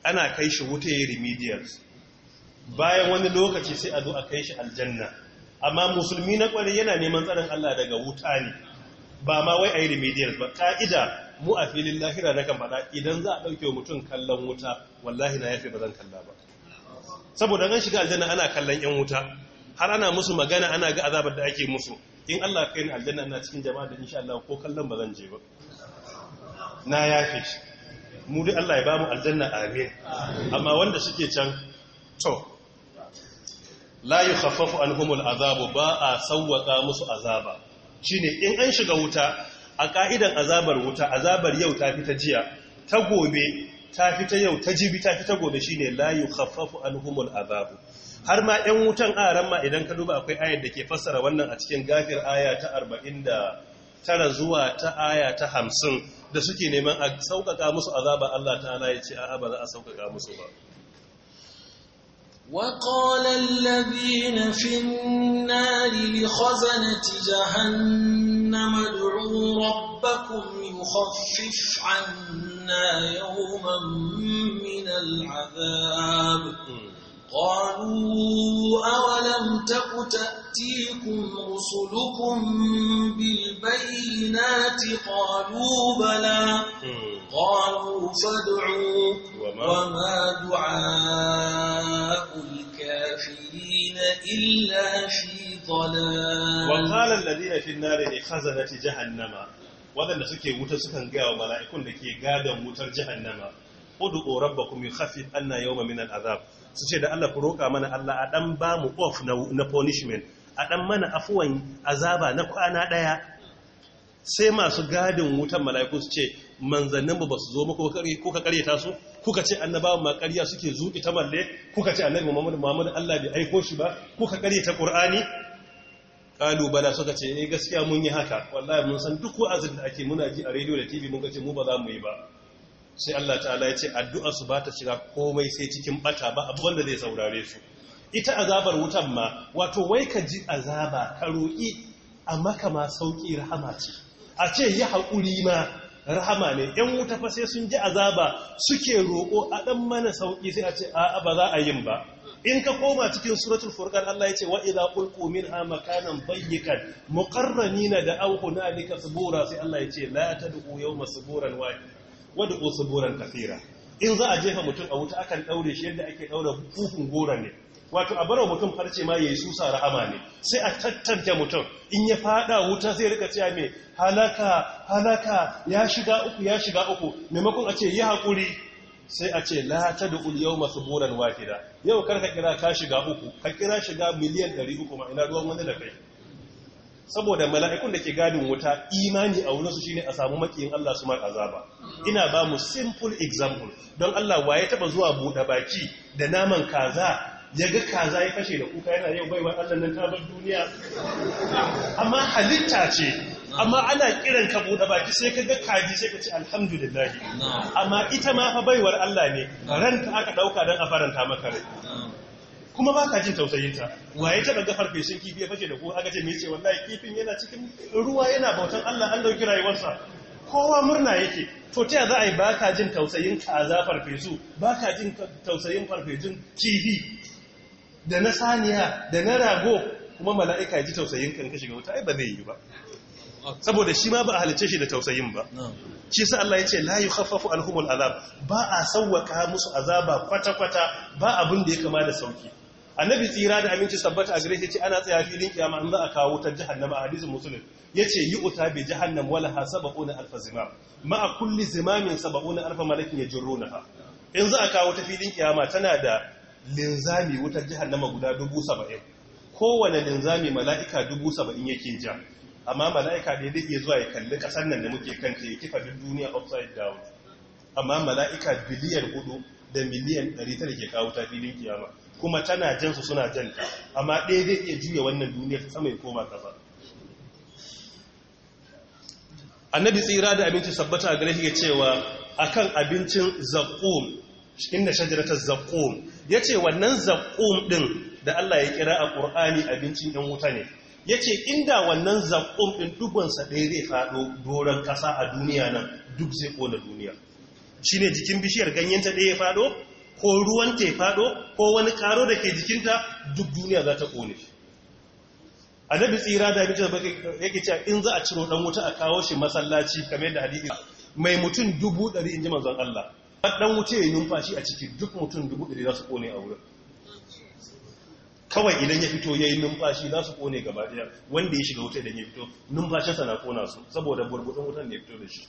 ana kai shi wuta ya remedials bayan wani lokaci sai a zo a kai shi aljanna amma musulmi na kwarai yana neman tsarin Allah daga wuta ne ba ma wai a yi remedials ba ka'ida mu a filin lahira na kan faɗa idan za a ɗauke mutum kallon wuta wallahi na yafe ba zan kalla ba saboda an shiga aljanna ana kallon yan wuta har ana musu magana ana ga azabar da ake musu in Allah kai ni aljanna ina cikin jama'a da insha Allah ko kallon ba zan je ba na yafe shi mu Allah ya ba mu aljanna amin amma wanda suke can to la yukhaffafu anhumul azabu ba a sawwaka musu azaba shine in an shiga wuta a ka'idan azabar wuta azabar yau ta fita jiya ta gobe ta fita yau ta jibi ta fita gobe shine la yukhaffafu anhumul azabu har ma ɗan wutan aran ma idan ka duba akwai ayar da ke fassara wannan a cikin gafir aya ta tara zuwa ta aya ta hamsin. da suke neman a saukaka musu azaba Allah ta'ala ya ce a haba za a saukaka musu ba waƙonan na fin nari li hozanati jahannama rubakun mihoffif anna yawon minal azabin ƙonu hmm. awalan takuta تأتيكم رسلكم بالبينات قالوا بلى hmm. قالوا فادعوا وما دعاء الكافرين إلا في ضلال وقال الذين في النار لخزنة جهنم waɗanda suke wuta sukan gaya wa mala'ikun da ke gadon wutar jihannama udu'u rabbakum yukhaffif anna yawma minan al'azab su ce da Allah ku roƙa mana Allah a ɗan ba mu off na punishment a ɗan mana afuwan azaba na kwana ɗaya sai masu gadin wutan mala'iku su ce manzanninmu ba su zo muku kuka karyata su kuka ce annabawan ma suke zuƙi ta malle kuka ce annabi muhammadu muhammadu allah bai aiko shi ba kuka ta ƙur'ani kalubala suka ce eh gaskiya mun yi haka wallahi mun san duk wa'azin da ake muna ji a rediyo da tv mun ka ce mu ba za mu yi ba sai Allah ta'ala ya ce addu'a su ba ta shiga komai sai cikin bata ba abu da zai saurare su ita azabar wutan ma wato wai ka ji azaba ka roƙi a maka ma sauƙi rahama ce a ce yi haƙuri ma rahama ne ‘yan wuta fa sai sun ji azaba suke roƙo a ɗan mana sauƙi sai a ce a ba za a yin ba in ka koma cikin suratul furqan Allah ya ce wa idza qulqu minha makanan bayyikan muqarranina da aw lika subura sai Allah ya ce la tad'u yawma suburan wahid wad'u suburan kathira in za a jefa mutum a wuta akan daure shi yadda ake daura buhun gora ne wato a barwa mutum farce ma ya yi susa rahama ne sai a tattanta mutum in ya fada wuta zai rika cewa mai halaka halaka ya shiga uku ya shiga uku maimakon a ce yi haƙuri sai a ce la ta da uliyau masu buran wakida yau kar ka kira ka shiga uku ka kira shiga miliyan ɗari uku, ma ina ruwan wani da kai saboda mala'ikun da ke gadin wuta imani a wurinsu shine a samu makiyin Allah su mar azaba ina ba mu simple example don Allah waye taba zuwa buɗe baki da naman kaza ya ga kaza ya fashe da kuka yana yau baiwa Allah nan tabar duniya amma halitta ce amma ana kiran ka bude baki sai ka ga kaji sai ka ce alhamdulillah amma ita ma fa baiwar Allah ne ranta aka dauka dan a faranta maka rai kuma ba ka jin tausayinta waye ta daga farfeshin kifi ya fashe da kuka? aka ce me yace wallahi kifin yana cikin ruwa yana bautan Allah an dauki rayuwarsa kowa murna yake to ta za a yi ba ka jin tausayin kaza farfesu ba ka jin tausayin jin kifi da na saniya da na rago kuma mala'ika ji tausayin kan ka shiga wuta ai ba zai yi ba saboda shi ma ba a halice shi da tausayin ba shi sa Allah ya ce la yukhaffafu alhumul azab ba a sauwaka musu azaba kwata kwata ba abin da ya kama da sauki annabi tsira da aminci sabbata a gare shi ce ana tsaya filin kiyama an za a kawo ta jahannama a hadisin ya ce yi uta bai jahannam wala ha sab'una alfa zimam ma kulli zimamin sab'una ya malakin ha in za a kawo ta filin kiyama tana da linzami wutar jahannama guda dubu saba'in kowane linzami mala'ika dubu saba'in yake ja amma mala'ika da ya iya zuwa ya kalli ƙasar nan da muke kanta ya kifa duk duniya upside down amma mala'ika biliyan hudu da miliyan ɗari da ke kawo ta filin kiyama kuma tana jansu suna janta amma ɗaya zai iya juya wannan duniya ta sama ya koma kasa annabi tsira da abinci sabbata a gare shi cewa akan abincin zaqqum inda shajaratar zaqqum ya ce wannan zaƙum ɗin da Allah ya kira a ƙur'ani abincin ɗan wuta ne ya ce inda wannan zaƙum ɗin dubansa ɗaya zai faɗo doron ƙasa a duniya nan duk zai ƙona duniya shi ne jikin bishiyar ganyenta ɗaya ya faɗo ko ruwan ta ya faɗo ko wani ƙaro da ke jikinta duk duniya za ta ƙone shi annabi tsira da mijin yake cewa in za a ciro ɗan wuta a kawo shi masallaci kamar da hadisi mai mutum dubu ɗari in ji manzon Allah ɗan wuce ya numfashi a ciki duk mutum dubu ɗari za su ƙone a wurin kawai idan ya fito ya yi numfashi za su ƙone gaba ɗaya wanda ya shiga wuta idan ya fito numfashinsa na ƙona su saboda burbuɗin wutan da ya fito da shi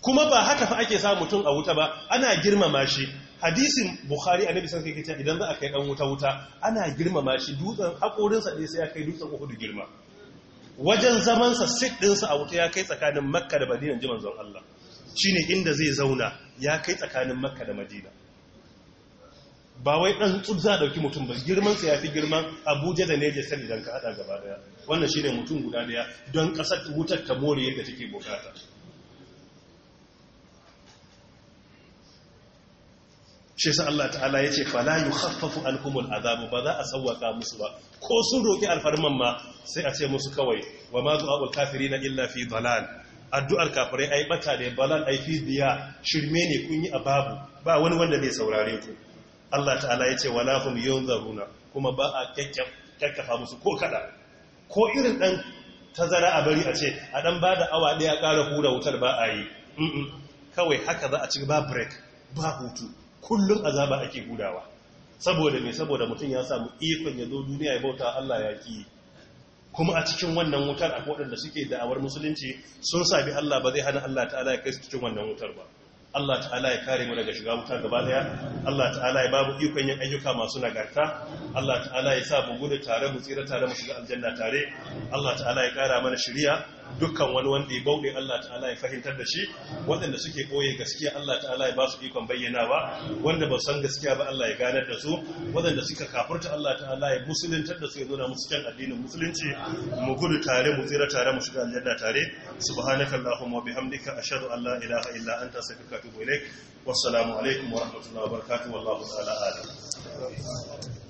kuma ba haka fa ake sa mutum a wuta ba ana girmama shi hadisin bukhari annabi sun kai idan za a kai dan wuta wuta ana girmama shi dutsen hakorinsa ne sai ya kai dutsen uhudu girma wajen zamansa sit a wuta ya kai tsakanin makka da madina ji manzon Allah shi ne inda zai zauna ya kai tsakanin makka da madina ba wai ɗan tsubza ɗauki mutum ba girmansa ya fi girman abuja da neja sai idan ka haɗa gaba daya wannan shi ne mutum guda daya don ƙasar wutar ta more yadda take bukata shi sa Allah ta'ala ya ce fala yukhaffafu alhumul azabu ba za a sawwaka musu ba ko sun roki alfarman ma sai a ce musu kawai wa ma kafiri kafirina illa fi dalal addu'ar kafirai ai bata da balal ai fi biya shirme ne kun yi ababu ba wani wanda zai saurare ku Allah ta'ala ya ce wala hum yunzaruna kuma ba a kyakkyafa musu ko kada ko irin ɗan tazara a bari a ce a ɗan ba da awa daya ƙara hura wutar ba a yi kawai haka za a ci ba break ba hutu kullum azaba ake gudawa saboda me saboda mutum ya samu ikon ya zo duniya ya bauta Allah ya ki kuma a cikin wannan wutar akwai waɗanda suke da'awar musulunci sun sabi Allah ba zai hana Allah ta'ala ya kai su cikin wannan wutar ba Allah ta'ala ya kare mu daga shiga wuta gaba daya Allah ta'ala ya babu ikon yin ayyuka masu nagarta Allah ta'ala ya sa mu gudu tare mu tsira tare mu shiga aljanna tare Allah ta'ala ya kara mana shiriya dukkan wani wanda ya bauɗe Allah ta'ala ya fahimtar da shi waɗanda suke ɓoye gaskiya Allah ta'ala ya ba su ikon ba wanda ba san gaskiya ba Allah ya ganar da su waɗanda suka kafurta Allah ta'ala ya musuluntar da su ya nuna musu kyan addinin musulunci mu gudu tare mu tsira tare mu shiga aljanna tare subhanaka allahumma wa bihamdika ashhadu an la ilaha illa anta astaghfiruka wa atubu ilaik wassalamu alaikum wa rahmatullahi wa barakatuh wallahu ta'ala